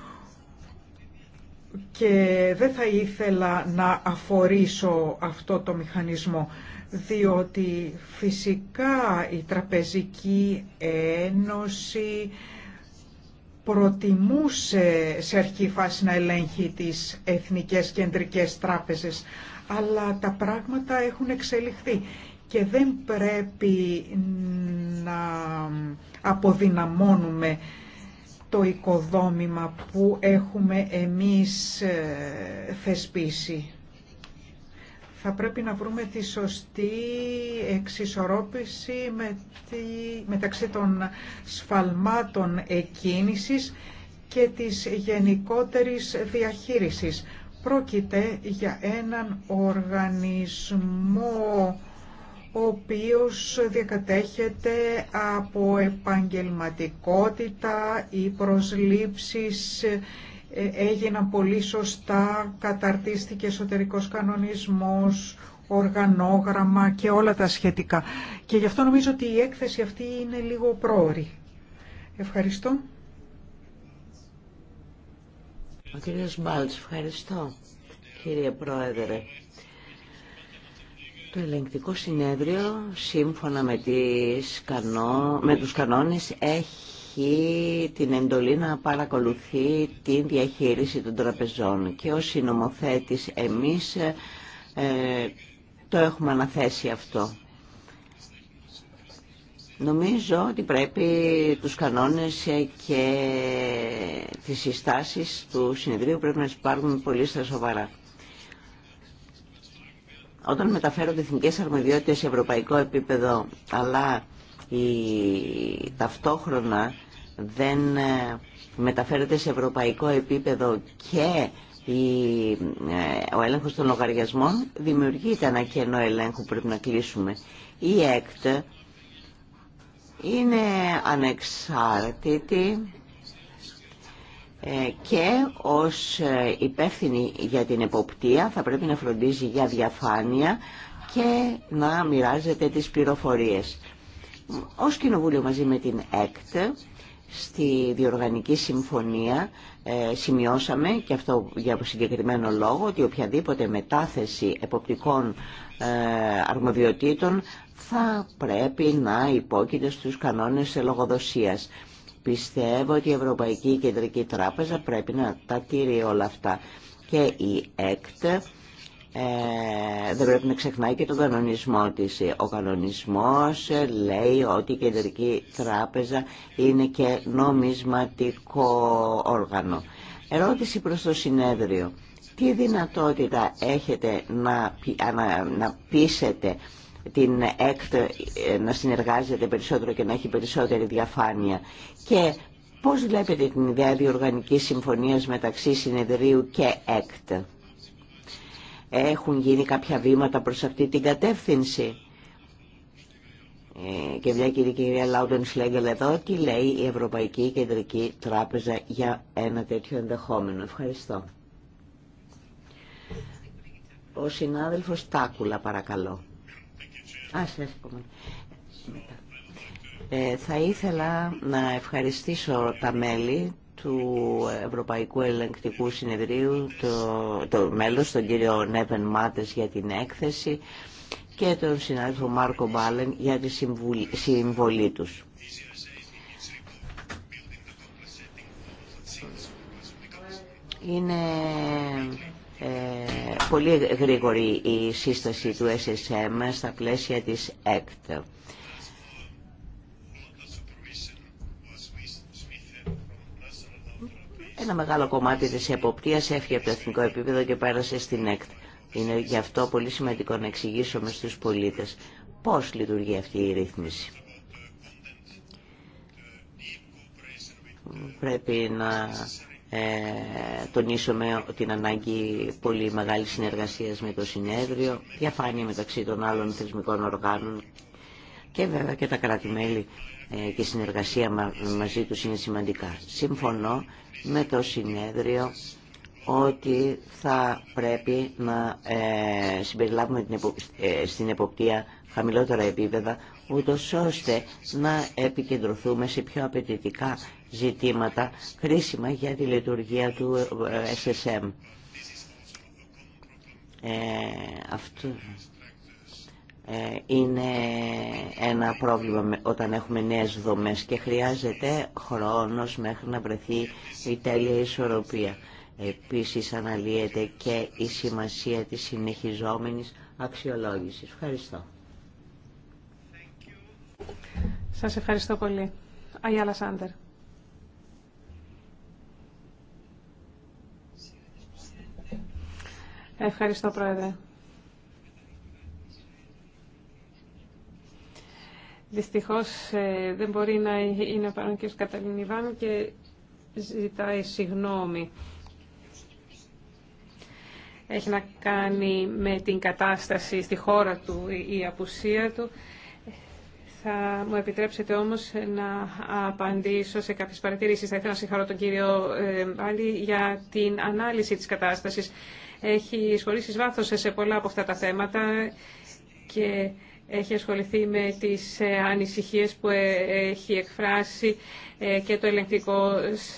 και δεν θα ήθελα να αφορήσω αυτό το μηχανισμό διότι φυσικά η Τραπεζική Ένωση προτιμούσε σε αρχή φάση να ελέγχει τις εθνικές κεντρικές τράπεζες αλλά τα πράγματα έχουν εξελιχθεί και δεν πρέπει να αποδυναμώνουμε το οικοδόμημα που έχουμε εμείς ε, θεσπίσει. Θα πρέπει να βρούμε τη σωστή εξισορρόπηση με μεταξύ των σφαλμάτων εκκίνησης και της γενικότερης διαχείρισης. Πρόκειται για έναν οργανισμό ο οποίος διακατέχεται από επαγγελματικότητα, οι προσλήψεις ε, έγιναν πολύ σωστά, καταρτίστηκε εσωτερικός κανονισμός, οργανόγραμμα και όλα τα σχετικά. Και γι' αυτό νομίζω ότι η έκθεση αυτή είναι λίγο πρόωρη. Ευχαριστώ. Ο κύριος Μπάλτς, ευχαριστώ κύριε Πρόεδρε. Το ελεγκτικό συνέδριο, σύμφωνα με, τις κανό... με τους κανόνες, έχει την εντολή να παρακολουθεί την διαχείριση των τραπεζών. Και ως συνομοθέτης εμείς ε, το έχουμε αναθέσει αυτό. Νομίζω ότι πρέπει τους κανόνες ε, και τις συστάσεις του συνεδρίου πρέπει να τις πάρουμε πολύ στα σοβαρά. Όταν μεταφέρονται εθνικές αρμοδιότητες σε ευρωπαϊκό επίπεδο, αλλά η... ταυτόχρονα δεν ε, μεταφέρεται σε ευρωπαϊκό επίπεδο και ε, ο έλεγχος των λογαριασμών δημιουργείται ένα κενό ελέγχου που πρέπει να κλείσουμε. Η ΕΚΤ είναι ανεξάρτητη ε, και ως ε, υπεύθυνη για την εποπτεία θα πρέπει να φροντίζει για διαφάνεια και να μοιράζεται τις πληροφορίες. Ως Κοινοβούλιο μαζί με την ΕΚΤ στη Διοργανική Συμφωνία ε, σημειώσαμε και αυτό για συγκεκριμένο λόγο ότι οποιαδήποτε μετάθεση εποπτικών αρμοδιοτήτων θα πρέπει να υπόκειται στους κανόνες λογοδοσίας. Πιστεύω ότι η Ευρωπαϊκή Κεντρική Τράπεζα πρέπει να τα τηρεί όλα αυτά. Και η ΕΚΤ ε, δεν πρέπει να ξεχνάει και τον κανονισμό της. Ο κανονισμός λέει ότι η Κεντρική Τράπεζα είναι και νομισματικό όργανο. Ερώτηση προς το συνέδριο. Τι δυνατότητα έχετε να, να, να πείσετε την ΕΚΤ ε, να συνεργάζεται περισσότερο και να έχει περισσότερη διαφάνεια. Και πώς βλέπετε την ιδέα διοργανικής συμφωνίας μεταξύ συνεδρίου και ΕΚΤ. Έχουν γίνει κάποια βήματα προς αυτή την κατεύθυνση. Ε, και μια κυρία, κυρία Λάουντεν Σλέγκελ εδώ, τι λέει η Ευρωπαϊκή Κεντρική Τράπεζα για ένα τέτοιο ενδεχόμενο. Ευχαριστώ. Ο συνάδελφος Τάκουλα παρακαλώ. Ε, θα ήθελα να ευχαριστήσω τα μέλη του Ευρωπαϊκού Ελεγκτικού Συνεδρίου, το, το μέλος, τον κύριο Νέβεν Μάτες για την έκθεση και τον συνάδελφο Μάρκο Μπάλεν για τη συμβουλή, συμβολή τους. Είναι ε, πολύ γρήγορη η σύσταση του SSM στα πλαίσια της ΕΚΤ. Ένα μεγάλο κομμάτι της εποπτείας έφυγε από το εθνικό επίπεδο και πέρασε στην ΕΚΤ. Είναι γι' αυτό πολύ σημαντικό να εξηγήσουμε στους πολίτες πώς λειτουργεί αυτή η ρύθμιση. Πρέπει να ε, τονίσουμε την ανάγκη πολύ μεγάλη συνεργασίας με το συνέδριο, διαφάνεια μεταξύ των άλλων θεσμικών οργάνων και βέβαια και τα κρατη ε, και η συνεργασία μα, μαζί τους είναι σημαντικά. Συμφωνώ με το συνέδριο ότι θα πρέπει να ε, συμπεριλάβουμε την ε, στην εποπτεία χαμηλότερα επίπεδα, ούτως ώστε να επικεντρωθούμε σε πιο απαιτητικά ζητήματα χρήσιμα για τη λειτουργία του ε, SSM. Ε, αυτό ε, είναι ένα πρόβλημα όταν έχουμε νέες δομές και χρειάζεται χρόνος μέχρι να βρεθεί η τέλεια ισορροπία. Επίσης αναλύεται και η σημασία της συνεχιζόμενης αξιολόγησης. Ευχαριστώ. Σας ευχαριστώ πολύ. Αγιάλα Σάντερ. Ευχαριστώ, Πρόεδρε. Δυστυχώς ε, δεν μπορεί να είναι παρόν και ο Καταλήν και ζητάει συγνώμη. Έχει να κάνει με την κατάσταση στη χώρα του ή η απουσια του. Θα μου επιτρέψετε όμως να απαντήσω σε κάποιες παρατηρήσεις. Θα ήθελα να συγχαρώ τον κύριο ε, για την ανάλυση της κατάστασης έχει σχολήσει βάθος σε πολλά από αυτά τα θέματα και έχει ασχοληθεί με τις ε, ανησυχίες που ε, έχει εκφράσει ε, και το ελεγκτικό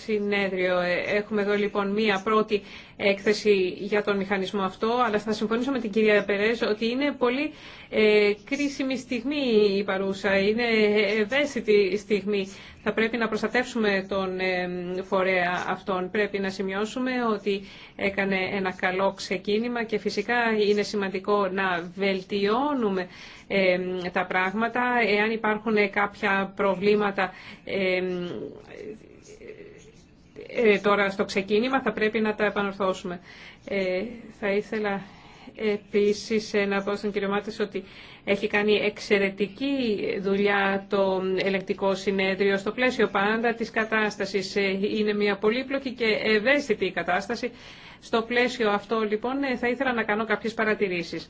συνέδριο. Έχουμε εδώ λοιπόν μία πρώτη έκθεση για τον μηχανισμό αυτό, αλλά θα συμφωνήσω με την κυρία Περέζ ότι είναι πολύ ε, κρίσιμη στιγμή η παρούσα, είναι ευαίσθητη στιγμή. Θα πρέπει να προστατεύσουμε τον ε, φορέα αυτόν. Πρέπει να σημειώσουμε ότι έκανε ένα καλό ξεκίνημα και φυσικά είναι σημαντικό να βελτιώνουμε ε, τα πράγματα. Εάν υπάρχουν κάποια προβλήματα ε, ε, τώρα στο ξεκίνημα, θα πρέπει να τα επανορθώσουμε. Ε, θα ήθελα επίσης ε, να πω στον κύριο ότι έχει κάνει εξαιρετική δουλειά το ελεκτικό συνέδριο στο πλαίσιο πάντα της κατάστασης. Είναι μια πολύπλοκη και ευαίσθητη η κατάσταση. Στο πλαίσιο αυτό λοιπόν θα ήθελα να κάνω κάποιες παρατηρήσεις.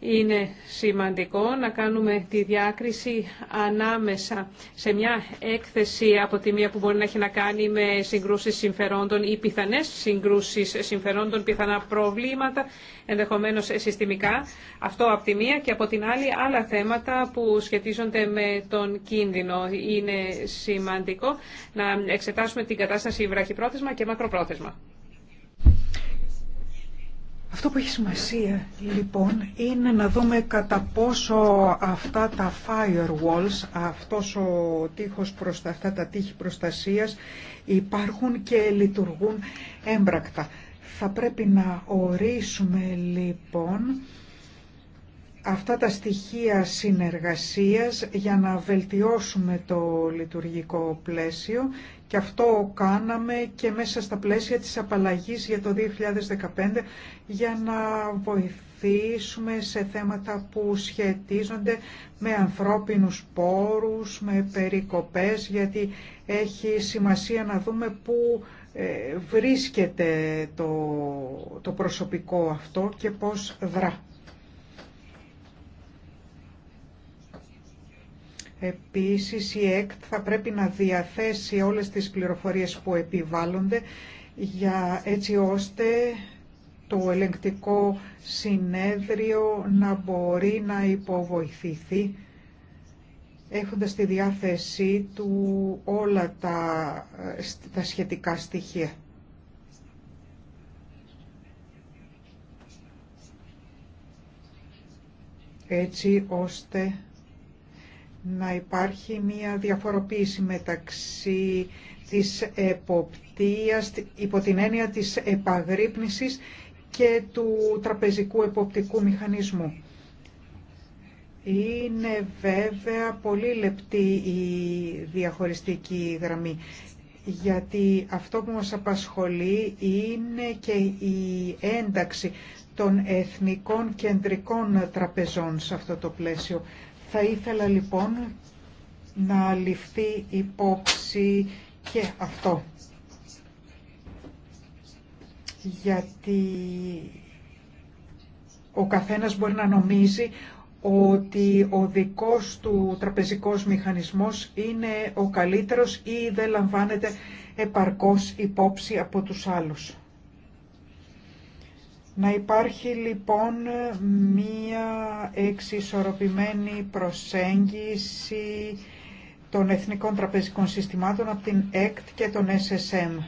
Είναι σημαντικό να κάνουμε τη διάκριση ανάμεσα σε μια έκθεση από τη μία που μπορεί να έχει να κάνει με συγκρούσεις συμφερόντων ή πιθανές συγκρούσεις συμφερόντων, πιθανά προβλήματα, ενδεχομένως συστημικά, αυτό από τη μία και από την άλλη άλλα θέματα που σχετίζονται με τον κίνδυνο. Είναι σημαντικό να εξετάσουμε την κατάσταση βραχυπρόθεσμα και μακροπρόθεσμα. Αυτό που έχει σημασία λοιπόν είναι να δούμε κατά πόσο αυτά τα firewalls, αυτός ο τείχος αυτά τα τείχη προστασίας υπάρχουν και λειτουργούν έμπρακτα. Θα πρέπει να ορίσουμε λοιπόν αυτά τα στοιχεία συνεργασίας για να βελτιώσουμε το λειτουργικό πλαίσιο και αυτό κάναμε και μέσα στα πλαίσια της απαλλαγής για το 2015 για να βοηθήσουμε σε θέματα που σχετίζονται με ανθρώπινους πόρους, με περικοπές, γιατί έχει σημασία να δούμε πού ε, βρίσκεται το, το προσωπικό αυτό και πώς δρά. Επίσης η ΕΚΤ θα πρέπει να διαθέσει όλες τις πληροφορίες που επιβάλλονται για έτσι ώστε το ελεγκτικό συνέδριο να μπορεί να υποβοηθηθεί έχοντας στη διάθεσή του όλα τα, τα σχετικά στοιχεία. Έτσι ώστε να υπάρχει μία διαφοροποίηση μεταξύ της εποπτείας υπό την έννοια της επαγρύπνησης και του τραπεζικού εποπτικού μηχανισμού. Είναι βέβαια πολύ λεπτή η διαχωριστική γραμμή γιατί αυτό που μας απασχολεί είναι και η ένταξη των εθνικών κεντρικών τραπεζών σε αυτό το πλαίσιο. Θα ήθελα λοιπόν να ληφθεί υπόψη και αυτό. Γιατί ο καθένας μπορεί να νομίζει ότι ο δικός του τραπεζικός μηχανισμός είναι ο καλύτερος ή δεν λαμβάνεται επαρκώς υπόψη από τους άλλους. Να υπάρχει λοιπόν μία εξισορροπημένη προσέγγιση των εθνικών τραπεζικών συστημάτων από την ΕΚΤ και τον SSM.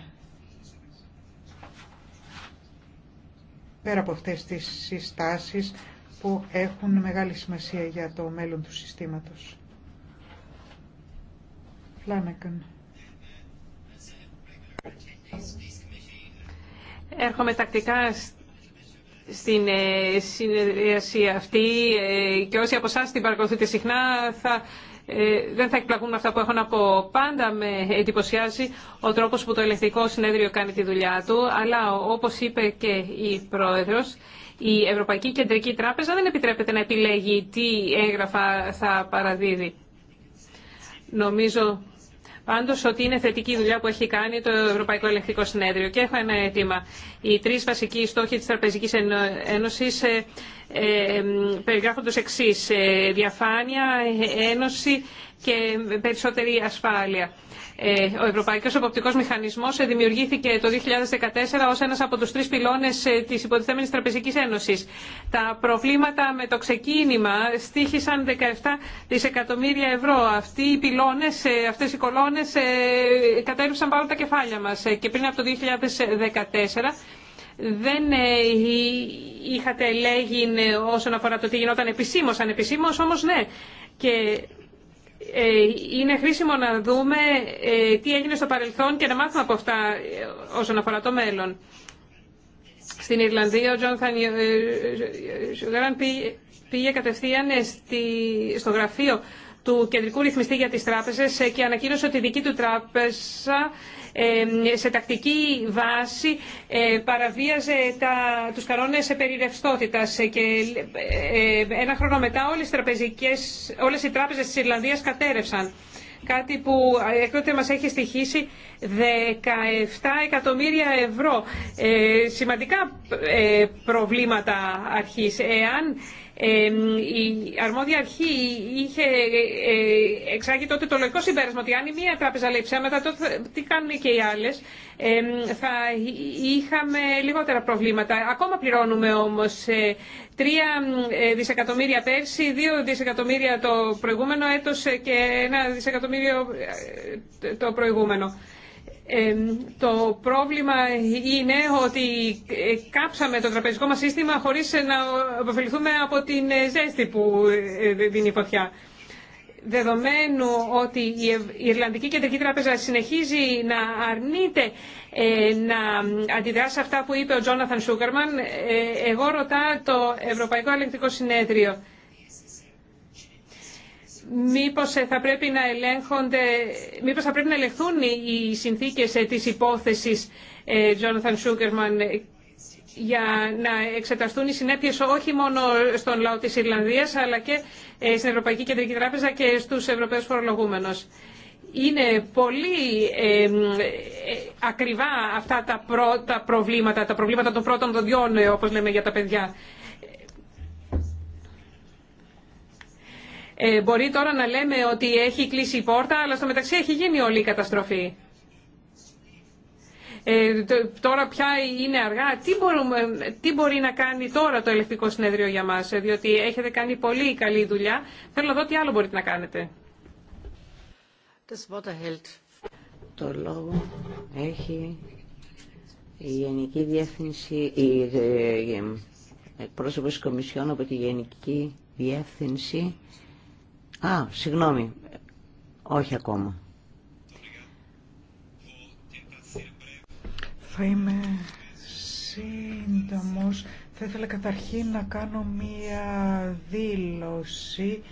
Πέρα από αυτές τις συστάσεις που έχουν μεγάλη σημασία για το μέλλον του συστήματος. Φλάνακαν. Έρχομαι τακτικά στην ε, συνεδρίαση αυτή ε, και όσοι από εσά την παρακολουθείτε συχνά ε, δεν θα εκπλαγούν αυτά που έχω να πω. Πάντα με εντυπωσιάζει ο τρόπος που το ελεκτικό συνέδριο κάνει τη δουλειά του, αλλά όπως είπε και η Πρόεδρος, η Ευρωπαϊκή Κεντρική Τράπεζα δεν επιτρέπεται να επιλέγει τι έγγραφα θα παραδίδει. Νομίζω Πάντω ότι είναι θετική δουλειά που έχει κάνει το Ευρωπαϊκό Ελεκτικό Συνέδριο. Και έχω ένα αίτημα. Οι τρει βασικοί στόχοι της Τραπεζικής Ένωσης ε, ε, περιγράφονται εξή εξής. Ε, διαφάνεια, ένωση και περισσότερη ασφάλεια. Ε, ο Ευρωπαϊκός Εποπτικός Μηχανισμός ε, δημιουργήθηκε το 2014 ως ένας από τους τρεις πυλώνες ε, της υποτιθέμενης Τραπεζικής Ένωσης. Τα προβλήματα με το ξεκίνημα στήχησαν 17 δισεκατομμύρια ευρώ. Αυτοί οι πυλώνες, αυτές οι κολόνες κατέληψαν πάρα τα κεφάλια μας και πριν από το 2014 δεν είχατε λέγει όσον αφορά το τι γινόταν επισήμως, ανεπισήμως όμως ναι. Και ε, είναι χρήσιμο να δούμε ε, τι έγινε στο παρελθόν και να μάθουμε από αυτά ε, όσον αφορά το μέλλον. Στην Ιρλανδία ο Τζόνθαν Σουγκράν πήγε κατευθείαν στο γραφείο του Κεντρικού Ρυθμιστή για τις Τράπεζες και ανακοίνωσε ότι η δική του τράπεζα σε τακτική βάση ε, παραβίαζε τα, τους κανόνες περιρευστότητας και ε, ε, ένα χρόνο μετά όλες οι, τραπεζικές, όλες οι τράπεζες της Ιρλανδίας κατέρευσαν. Κάτι που έκτοτε μας έχει στοιχήσει 17 εκατομμύρια ευρώ. σημαντικά προβλήματα αρχής. Εάν η αρμόδια αρχή είχε ε, εξάγει τότε το λογικό συμπέρασμα ότι αν η μία τράπεζα λέει ψέματα, τότε τι κάνουν και οι άλλες. θα είχαμε λιγότερα προβλήματα. Ακόμα πληρώνουμε όμως 3 ε, ε, δισεκατομμύρια πέρσι, 2 δισεκατομμύρια το προηγούμενο έτος και 1 δισεκατομμύριο το προηγούμενο το πρόβλημα είναι ότι ε, κάψαμε το τραπεζικό μας σύστημα χωρίς να αποφεληθούμε από την ε, ζέστη που ε, δίνει η φωτιά. Δεδομένου ότι η Ιρλανδική Κεντρική Τράπεζα συνεχίζει να αρνείται να αντιδράσει αυτά που είπε ο Τζόναθαν Σούκερμαν, εγώ ρωτά το Ευρωπαϊκό ηλεκτρικό Συνέδριο μήπως ε, θα πρέπει να ελέγχονται, μήπως θα πρέπει να ελεγχθούν οι συνθήκες ε, της υπόθεσης Τζόναθαν ε, Σούκερμαν για να εξεταστούν οι συνέπειες όχι μόνο στον λαό της Ιρλανδίας αλλά και στην Ευρωπαϊκή Κεντρική Τράπεζα και στους Ευρωπαίους φορολογούμενους. Είναι πολύ ακριβά αυτά τα πρώτα προβλήματα, τα προβλήματα των πρώτων δοντιών, όπως λέμε για τα παιδιά. Ε, μπορεί τώρα να λέμε ότι έχει κλείσει η πόρτα, αλλά στο μεταξύ έχει γίνει όλη η καταστροφή. Ε, τώρα πια είναι αργά. Τι, τι μπορεί να κάνει τώρα το ελεκτικό συνέδριο για μας, ε, διότι έχετε κάνει πολύ καλή δουλειά. Θέλω να δω τι άλλο μπορείτε να κάνετε. Το λόγο έχει η Γενική Διεύθυνση, η ε, Κομισιόν από τη Γενική Διεύθυνση Α, συγγνώμη. Όχι ακόμα. Θα είμαι σύντομος. Θα ήθελα καταρχήν να κάνω μία δήλωση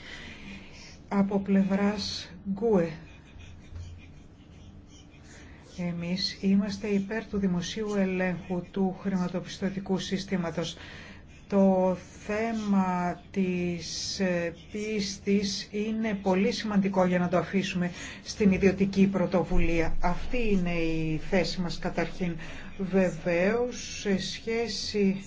από πλευράς Γκουε. Εμείς είμαστε υπέρ του δημοσίου ελέγχου του χρηματοπιστωτικού συστήματος. Το θέμα της ε, πίστης είναι πολύ σημαντικό για να το αφήσουμε στην ιδιωτική πρωτοβουλία. Αυτή είναι η θέση μας καταρχήν. Βεβαίως, σε σχέση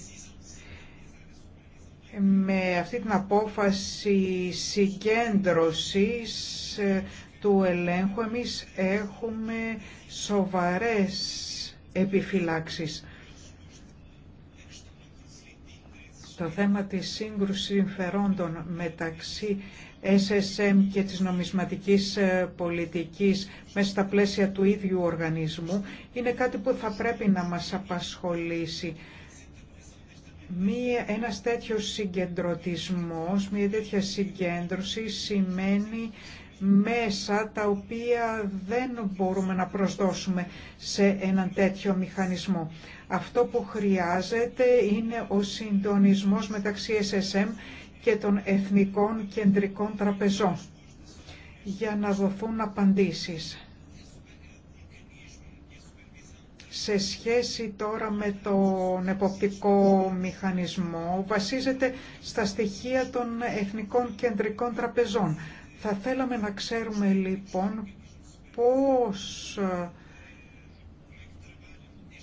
με αυτή την απόφαση συγκέντρωσης ε, του ελέγχου, εμείς έχουμε σοβαρές επιφυλάξεις Το θέμα της σύγκρουσης συμφερόντων μεταξύ SSM και της νομισματικής ε, πολιτικής μέσα στα πλαίσια του ίδιου οργανισμού είναι κάτι που θα πρέπει να μας απασχολήσει. Μία, ένας τέτοιος συγκεντρωτισμός, μία τέτοια συγκέντρωση σημαίνει μέσα τα οποία δεν μπορούμε να προσδώσουμε σε έναν τέτοιο μηχανισμό. Αυτό που χρειάζεται είναι ο συντονισμός μεταξύ SSM και των Εθνικών Κεντρικών Τραπεζών για να δοθούν απαντήσεις. Σε σχέση τώρα με τον εποπτικό μηχανισμό βασίζεται στα στοιχεία των Εθνικών Κεντρικών Τραπεζών. Θα θέλαμε να ξέρουμε λοιπόν πώς ε,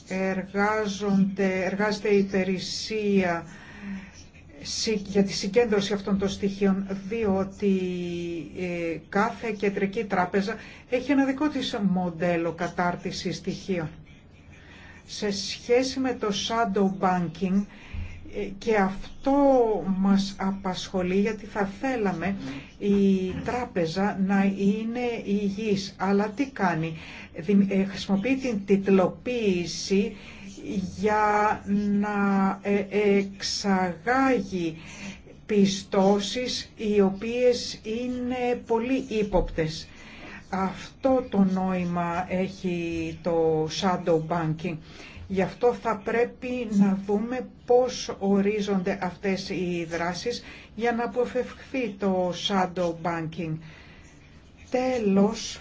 εργάζονται, εργάζεται η υπηρεσία για τη συγκέντρωση αυτών των στοιχείων, διότι ε, κάθε κεντρική τράπεζα έχει ένα δικό της μοντέλο κατάρτισης στοιχείων. Σε σχέση με το shadow banking, και αυτό μας απασχολεί γιατί θα θέλαμε η τράπεζα να είναι υγιής. Αλλά τι κάνει, ε, χρησιμοποιεί την τιτλοποίηση για να ε, εξαγάγει πιστώσεις οι οποίες είναι πολύ ύποπτες. Αυτό το νόημα έχει το shadow banking Γι' αυτό θα πρέπει να δούμε πώς ορίζονται αυτές οι δράσεις για να αποφευχθεί το shadow banking. Τέλος,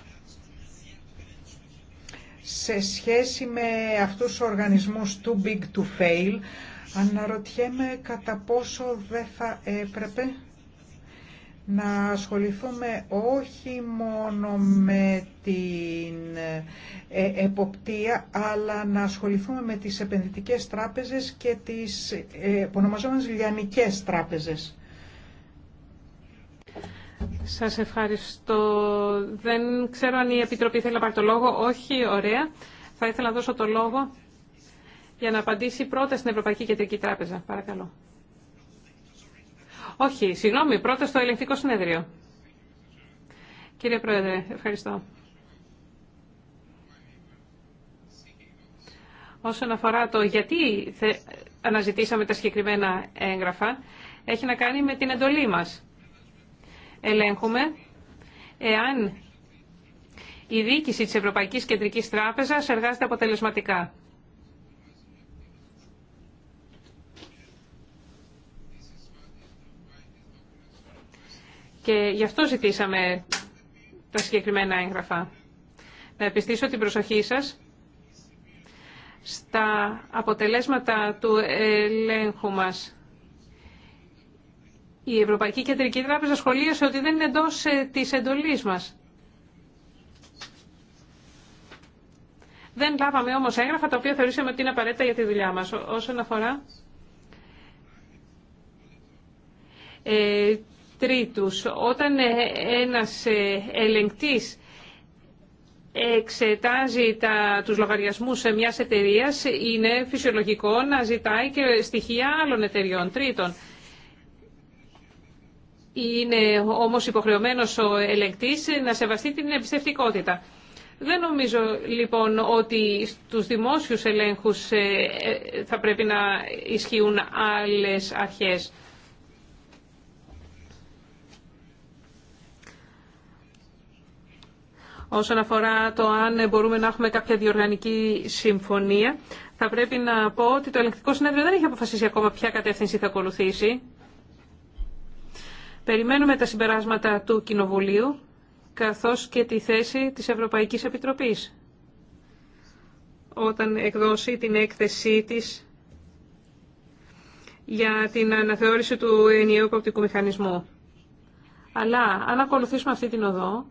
σε σχέση με αυτούς τους οργανισμούς too big to fail, αναρωτιέμαι κατά πόσο δεν θα έπρεπε να ασχοληθούμε όχι μόνο με την ε, εποπτεία, αλλά να ασχοληθούμε με τις επενδυτικές τράπεζες και τις ε, ονομαζόμενες λιανικές τράπεζες. Σας ευχαριστώ. Δεν ξέρω αν η Επιτροπή θέλει να πάρει το λόγο. Όχι, ωραία. Θα ήθελα να δώσω το λόγο για να απαντήσει πρώτα στην Ευρωπαϊκή Κεντρική Τράπεζα. Παρακαλώ. Όχι, συγγνώμη, πρώτα στο ελεγκτικό συνέδριο. Κύριε Πρόεδρε, ευχαριστώ. Όσον αφορά το γιατί αναζητήσαμε τα συγκεκριμένα έγγραφα, έχει να κάνει με την εντολή μας. Ελέγχουμε εάν η διοίκηση της Ευρωπαϊκής Κεντρικής Τράπεζας εργάζεται αποτελεσματικά. Και γι' αυτό ζητήσαμε τα συγκεκριμένα έγγραφα. Να επιστήσω την προσοχή σας στα αποτελέσματα του ελέγχου μας. Η Ευρωπαϊκή Κεντρική Τράπεζα σχολίασε ότι δεν είναι εντός ε, της εντολής μας. Δεν λάβαμε όμως έγγραφα τα οποία θεωρήσαμε ότι είναι απαραίτητα για τη δουλειά μας. Όσον αφορά ε, τρίτους. Όταν ε, ένας ε, ελεγκτής εξετάζει τα, τους λογαριασμούς σε μιας εταιρείας, είναι φυσιολογικό να ζητάει και στοιχεία άλλων εταιριών, τρίτων. Είναι όμως υποχρεωμένος ο ελεγκτής να σεβαστεί την εμπιστευτικότητα. Δεν νομίζω λοιπόν ότι στους δημόσιους ελέγχους ε, θα πρέπει να ισχύουν άλλες αρχές. Όσον αφορά το αν μπορούμε να έχουμε κάποια διοργανική συμφωνία, θα πρέπει να πω ότι το Ελεκτικό συνέδριο δεν έχει αποφασίσει ακόμα ποια κατεύθυνση θα ακολουθήσει. Περιμένουμε τα συμπεράσματα του Κοινοβουλίου, καθώς και τη θέση της Ευρωπαϊκής Επιτροπής, όταν εκδώσει την έκθεσή της για την αναθεώρηση του ενιαίου κοπτικού μηχανισμού. Αλλά αν ακολουθήσουμε αυτή την οδό,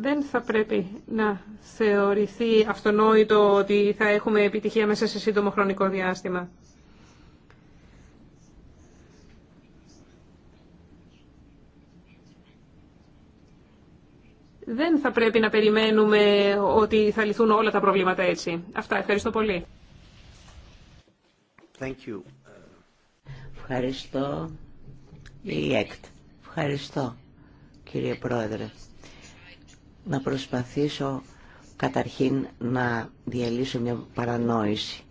δεν θα πρέπει να θεωρηθεί αυτονόητο ότι θα έχουμε επιτυχία μέσα σε σύντομο χρονικό διάστημα. Δεν θα πρέπει να περιμένουμε ότι θα λυθούν όλα τα προβλήματα έτσι. Αυτά. Ευχαριστώ πολύ. Thank you. Ευχαριστώ. Η Ευχαριστώ, κύριε Πρόεδρε να προσπαθήσω καταρχήν να διαλύσω μια παρανόηση.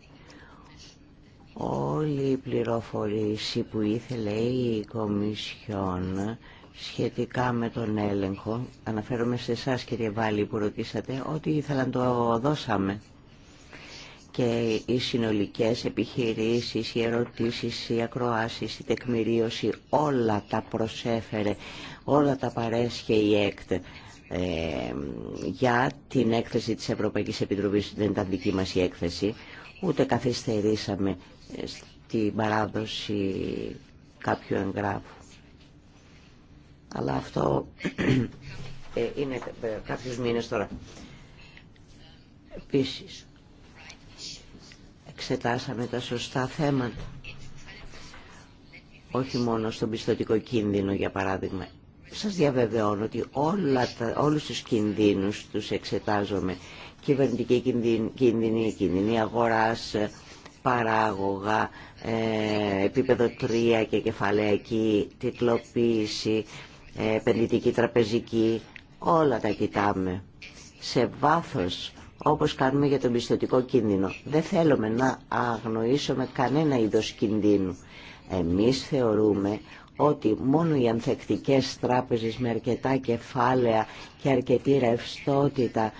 Όλη η πληροφορήση που ήθελε η Κομισιόν σχετικά με τον έλεγχο, αναφέρομαι σε εσά κύριε Βάλη που ρωτήσατε, ότι ήθελαν το δώσαμε. Και οι συνολικές επιχειρήσεις, οι ερωτήσεις, οι ακροάσεις, η τεκμηρίωση, όλα τα προσέφερε, όλα τα παρέσχε η ΕΚΤ. Ε, για την έκθεση της Ευρωπαϊκής Επιτροπής δεν ήταν δική μας η έκθεση ούτε καθυστερήσαμε ε, στην παράδοση κάποιου εγγράφου αλλά αυτό ε, είναι κάποιους μήνες τώρα επίσης εξετάσαμε τα σωστά θέματα όχι μόνο στον πιστοτικό κίνδυνο για παράδειγμα σας διαβεβαιώνω ότι όλα τα, όλους τους κινδύνους τους εξετάζομαι. Κυβερνητική κίνδυνη, κίνδυνη αγοράς, ε, παράγωγα, ε, επίπεδο 3 και κεφαλαϊκή, τιτλοποίηση, ε, επενδυτική τραπεζική, όλα τα κοιτάμε. Σε βάθος, όπως κάνουμε για τον πιστοτικό κίνδυνο. Δεν θέλουμε να αγνοήσουμε κανένα είδος κινδύνου. Εμείς θεωρούμε ότι μόνο οι ανθεκτικές τράπεζες με αρκετά κεφάλαια και αρκετή ρευστότητα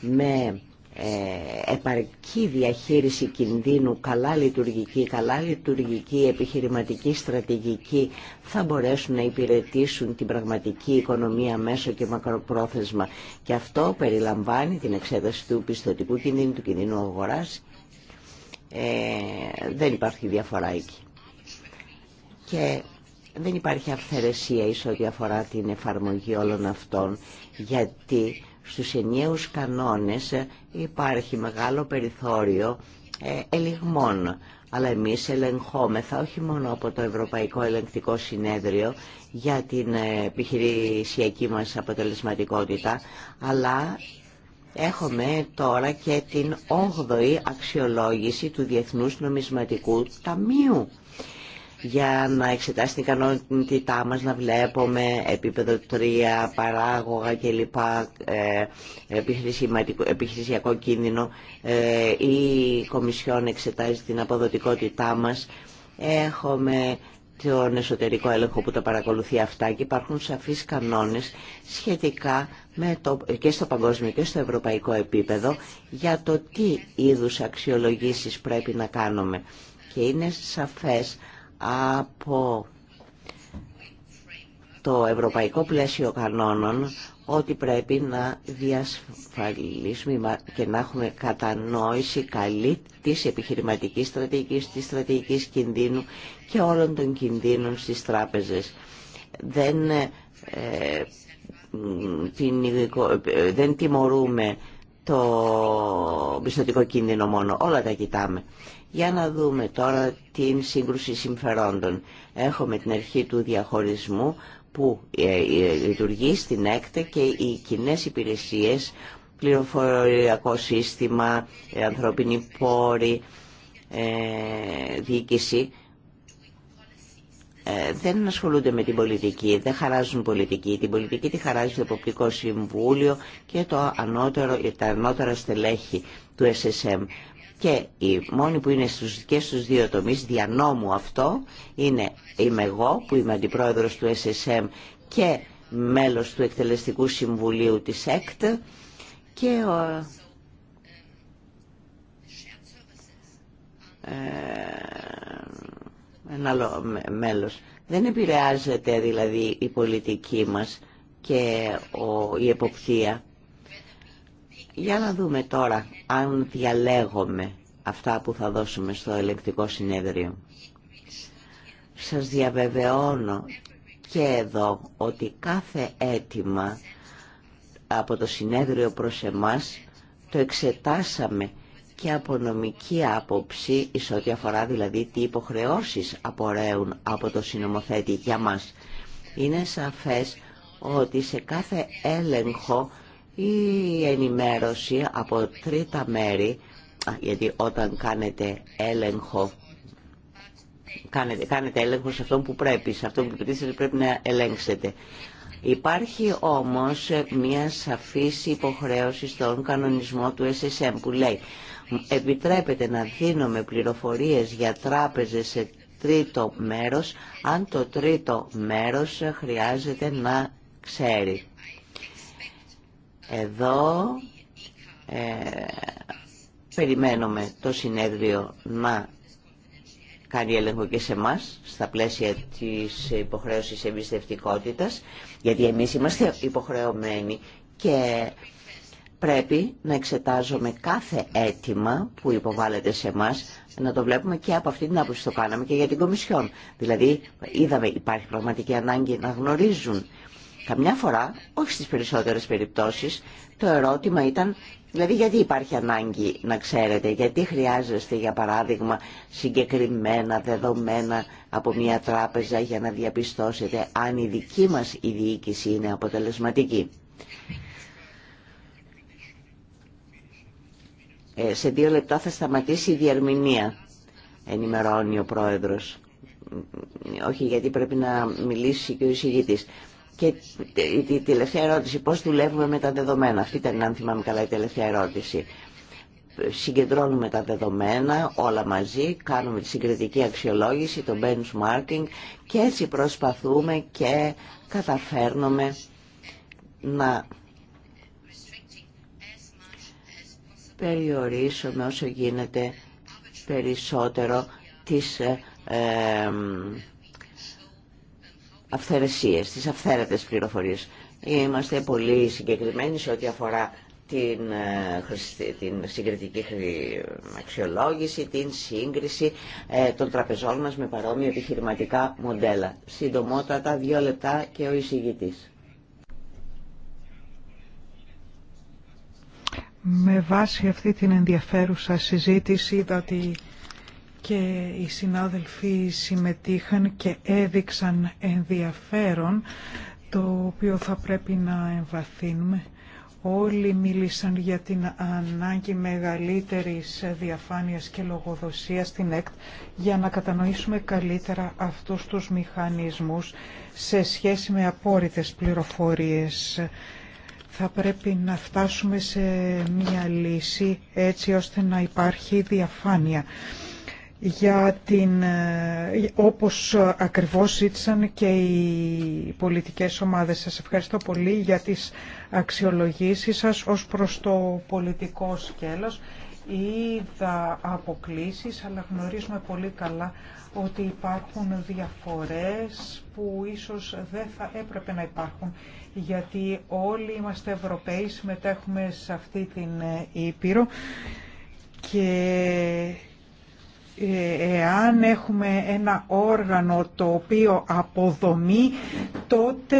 με ε, επαρκή διαχείριση κινδύνου, καλά λειτουργική, καλά λειτουργική επιχειρηματική στρατηγική θα μπορέσουν να υπηρετήσουν την πραγματική οικονομία μέσω και μακροπρόθεσμα. Και αυτό περιλαμβάνει την εξέταση του πιστοτικού κινδύνου, του κινδύνου αγοράς. Ε, δεν υπάρχει διαφορά εκεί. Και δεν υπάρχει αυθαιρεσία ίσως ό,τι αφορά την εφαρμογή όλων αυτών, γιατί στους ενιαίους κανόνες υπάρχει μεγάλο περιθώριο ε, ελιγμών. Αλλά εμείς ελεγχόμεθα όχι μόνο από το Ευρωπαϊκό Ελεγκτικό Συνέδριο για την ε, επιχειρησιακή μας αποτελεσματικότητα, αλλά έχουμε τώρα και την 8 αξιολόγηση του Διεθνούς Νομισματικού Ταμείου για να εξετάσει την ικανότητά μας να βλέπουμε επίπεδο 3, παράγωγα κλπ, ε, επιχειρησιακό κίνδυνο. Ε, η Κομισιόν εξετάζει την αποδοτικότητά μας. Έχουμε τον εσωτερικό έλεγχο που τα παρακολουθεί αυτά και υπάρχουν σαφείς κανόνες σχετικά με το, και στο παγκόσμιο και στο ευρωπαϊκό επίπεδο για το τι είδους αξιολογήσεις πρέπει να κάνουμε. Και είναι σαφές από το ευρωπαϊκό πλαίσιο κανόνων ότι πρέπει να διασφαλίσουμε και να έχουμε κατανόηση καλή της επιχειρηματικής στρατηγικής, της στρατηγικής κινδύνου και όλων των κινδύνων στις τράπεζες. Δεν, ε, ε, ε, δεν τιμωρούμε το πιστοτικό κίνδυνο μόνο. Όλα τα κοιτάμε. Για να δούμε τώρα την σύγκρουση συμφερόντων. Έχουμε την αρχή του διαχωρισμού που ε, ε, λειτουργεί στην ΕΚΤΕ και οι κοινέ υπηρεσίες, πληροφοριακό σύστημα, ε, ανθρώπινη πόρη, διοίκηση ε, δεν ασχολούνται με την πολιτική, δεν χαράζουν πολιτική. Την πολιτική τη χαράζει το Εποπτικό Συμβούλιο και το ανώτερο, τα ανώτερα στελέχη του SSM. Και οι μόνοι που είναι στους, και στους δύο τομείς διανόμου αυτό είναι είμαι εγώ που είμαι αντιπρόεδρος του SSM και μέλος του Εκτελεστικού Συμβουλίου της ΕΚΤ και ο, ε, ένα άλλο μέλος. Δεν επηρεάζεται δηλαδή η πολιτική μας και η εποπτεία. Για να δούμε τώρα αν διαλέγουμε αυτά που θα δώσουμε στο ελεκτικό συνέδριο. Σας διαβεβαιώνω και εδώ ότι κάθε αίτημα από το συνέδριο προς εμάς το εξετάσαμε και από νομική άποψη, σε ό,τι αφορά δηλαδή τι υποχρεώσεις απορρέουν από το συνομοθέτη για μας. Είναι σαφές ότι σε κάθε έλεγχο η ενημέρωση από τρίτα μέρη, γιατί όταν κάνετε έλεγχο, κάνετε, κάνετε έλεγχο σε αυτό που πρέπει, σε αυτό που πρέπει να ελέγξετε. Υπάρχει όμως μια σαφής υποχρέωση στον κανονισμό του SSM που λέει επιτρέπεται να δίνουμε πληροφορίες για τράπεζες σε τρίτο μέρος, αν το τρίτο μέρος χρειάζεται να ξέρει. Εδώ ε, περιμένουμε το συνέδριο να κάνει έλεγχο και σε εμά στα πλαίσια της υποχρέωσης εμπιστευτικότητας, γιατί εμείς είμαστε υποχρεωμένοι και πρέπει να εξετάζουμε κάθε αίτημα που υποβάλλεται σε εμά να το βλέπουμε και από αυτή την άποψη το κάναμε και για την Κομισιόν. Δηλαδή είδαμε υπάρχει πραγματική ανάγκη να γνωρίζουν. Καμιά φορά, όχι στις περισσότερες περιπτώσεις, το ερώτημα ήταν Δηλαδή γιατί υπάρχει ανάγκη να ξέρετε, γιατί χρειάζεστε για παράδειγμα συγκεκριμένα δεδομένα από μια τράπεζα για να διαπιστώσετε αν η δική μας η διοίκηση είναι αποτελεσματική. Ε, σε δύο λεπτά θα σταματήσει η διαρμηνία, ενημερώνει ο πρόεδρος. Όχι γιατί πρέπει να μιλήσει και ο εισηγητής. Και η τελευταία ερώτηση, πώς δουλεύουμε με τα δεδομένα. Αυτή ήταν, αν θυμάμαι καλά, η τελευταία ερώτηση. Συγκεντρώνουμε τα δεδομένα όλα μαζί, κάνουμε τη συγκριτική αξιολόγηση, το benchmarking και έτσι προσπαθούμε και καταφέρνουμε να περιορίσουμε όσο γίνεται περισσότερο τις ε, ε, αυθαιρεσίες, τις αυθαίρετες πληροφορίες. Είμαστε πολύ συγκεκριμένοι σε ό,τι αφορά την, ε, την συγκριτική αξιολόγηση, την σύγκριση ε, των τραπεζών μας με παρόμοια επιχειρηματικά μοντέλα. Συντομότατα, δύο λεπτά και ο εισηγητής. Με βάση αυτή την ενδιαφέρουσα συζήτηση είδα ότι και οι συνάδελφοι συμμετείχαν και έδειξαν ενδιαφέρον το οποίο θα πρέπει να εμβαθύνουμε. Όλοι μίλησαν για την ανάγκη μεγαλύτερης διαφάνειας και λογοδοσίας στην ΕΚΤ για να κατανοήσουμε καλύτερα αυτούς τους μηχανισμούς σε σχέση με απόρριτες πληροφορίες θα πρέπει να φτάσουμε σε μια λύση έτσι ώστε να υπάρχει διαφάνεια για την, όπως ακριβώς ζήτησαν και οι πολιτικές ομάδες. Σας ευχαριστώ πολύ για τις αξιολογήσεις σας ως προς το πολιτικό σκέλος. Είδα αποκλήσεις, αλλά γνωρίζουμε πολύ καλά ότι υπάρχουν διαφορές που ίσως δεν θα έπρεπε να υπάρχουν, γιατί όλοι είμαστε Ευρωπαίοι, συμμετέχουμε σε αυτή την ε, Ήπειρο και ε, εάν έχουμε ένα όργανο το οποίο αποδομεί, τότε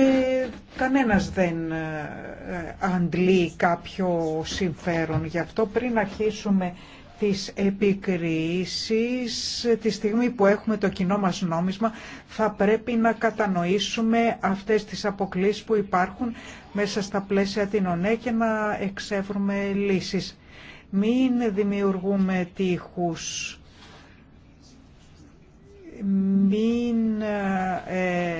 κανένας δεν ε, αντλεί κάποιο συμφέρον. Γι' αυτό πριν αρχίσουμε της επικρίσεις τη στιγμή που έχουμε το κοινό μας νόμισμα θα πρέπει να κατανοήσουμε αυτές τις αποκλήσεις που υπάρχουν μέσα στα πλαίσια την ΟΝΕ και να εξεύρουμε λύσεις. Μην δημιουργούμε τείχους, μην ε,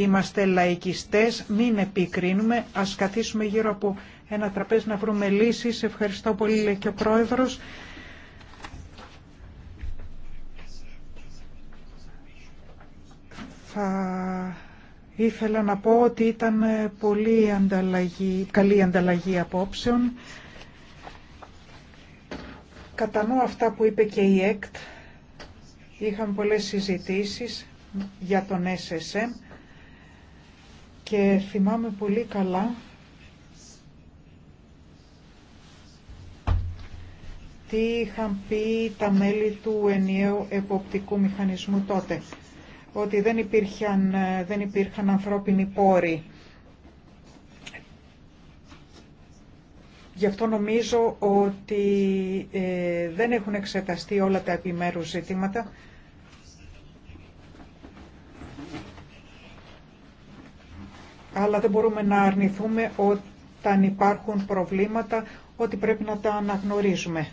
είμαστε λαϊκιστές, μην επικρίνουμε, ας καθίσουμε γύρω από ένα τραπέζι να βρούμε λύσεις. Ευχαριστώ πολύ και ο Πρόεδρος. Θα ήθελα να πω ότι ήταν ε, πολύ ανταλλαγή, καλή ανταλλαγή απόψεων. Κατανοώ αυτά που είπε και η ΕΚΤ. Είχαμε πολλές συζητήσεις για τον SSM και θυμάμαι πολύ καλά τι είχαν πει τα μέλη του ενιαίου εποπτικού μηχανισμού τότε ότι δεν, υπήρχαν, ε, δεν υπήρχαν ανθρώπινοι πόροι. Γι' αυτό νομίζω ότι ε, δεν έχουν εξεταστεί όλα τα επιμέρους ζητήματα. Αλλά δεν μπορούμε να αρνηθούμε όταν υπάρχουν προβλήματα, ότι πρέπει να τα αναγνωρίζουμε.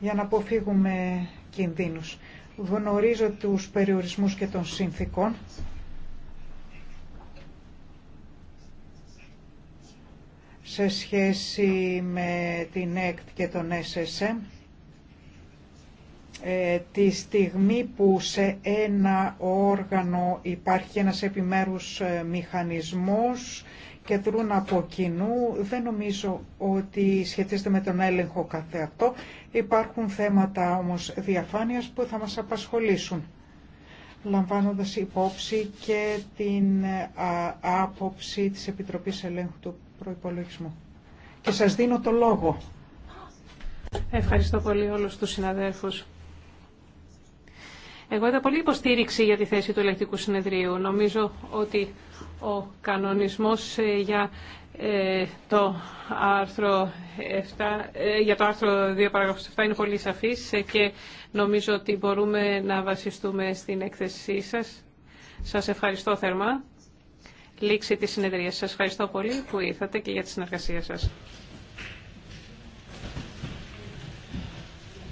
Για να αποφύγουμε κινδύνους. Γνωρίζω τους περιορισμούς και των συνθήκων. σε σχέση με την ΕΚΤ και τον SSM ε, τη στιγμή που σε ένα όργανο υπάρχει ένας επιμέρους ε, μηχανισμός και από κοινού. Δεν νομίζω ότι σχετίζεται με τον έλεγχο αυτό. Υπάρχουν θέματα όμως διαφάνειας που θα μας απασχολήσουν λαμβάνοντας υπόψη και την άποψη της Επιτροπής Ελέγχου του Προϋπολογισμού. Και σας δίνω το λόγο. Ευχαριστώ πολύ όλους τους συναδέλφους. Εγώ είδα πολύ υποστήριξη για τη θέση του ελεκτικού συνεδρίου. Νομίζω ότι ο κανονισμός ε, ε, ε, για το άρθρο 7, για το άρθρο 2 παραγραφός 7 είναι πολύ σαφής και νομίζω ότι μπορούμε να βασιστούμε στην έκθεσή σας. Σας ευχαριστώ θερμά. Λήξη της συνεδρίας. Σας ευχαριστώ πολύ που ήρθατε και για τη συνεργασία σας.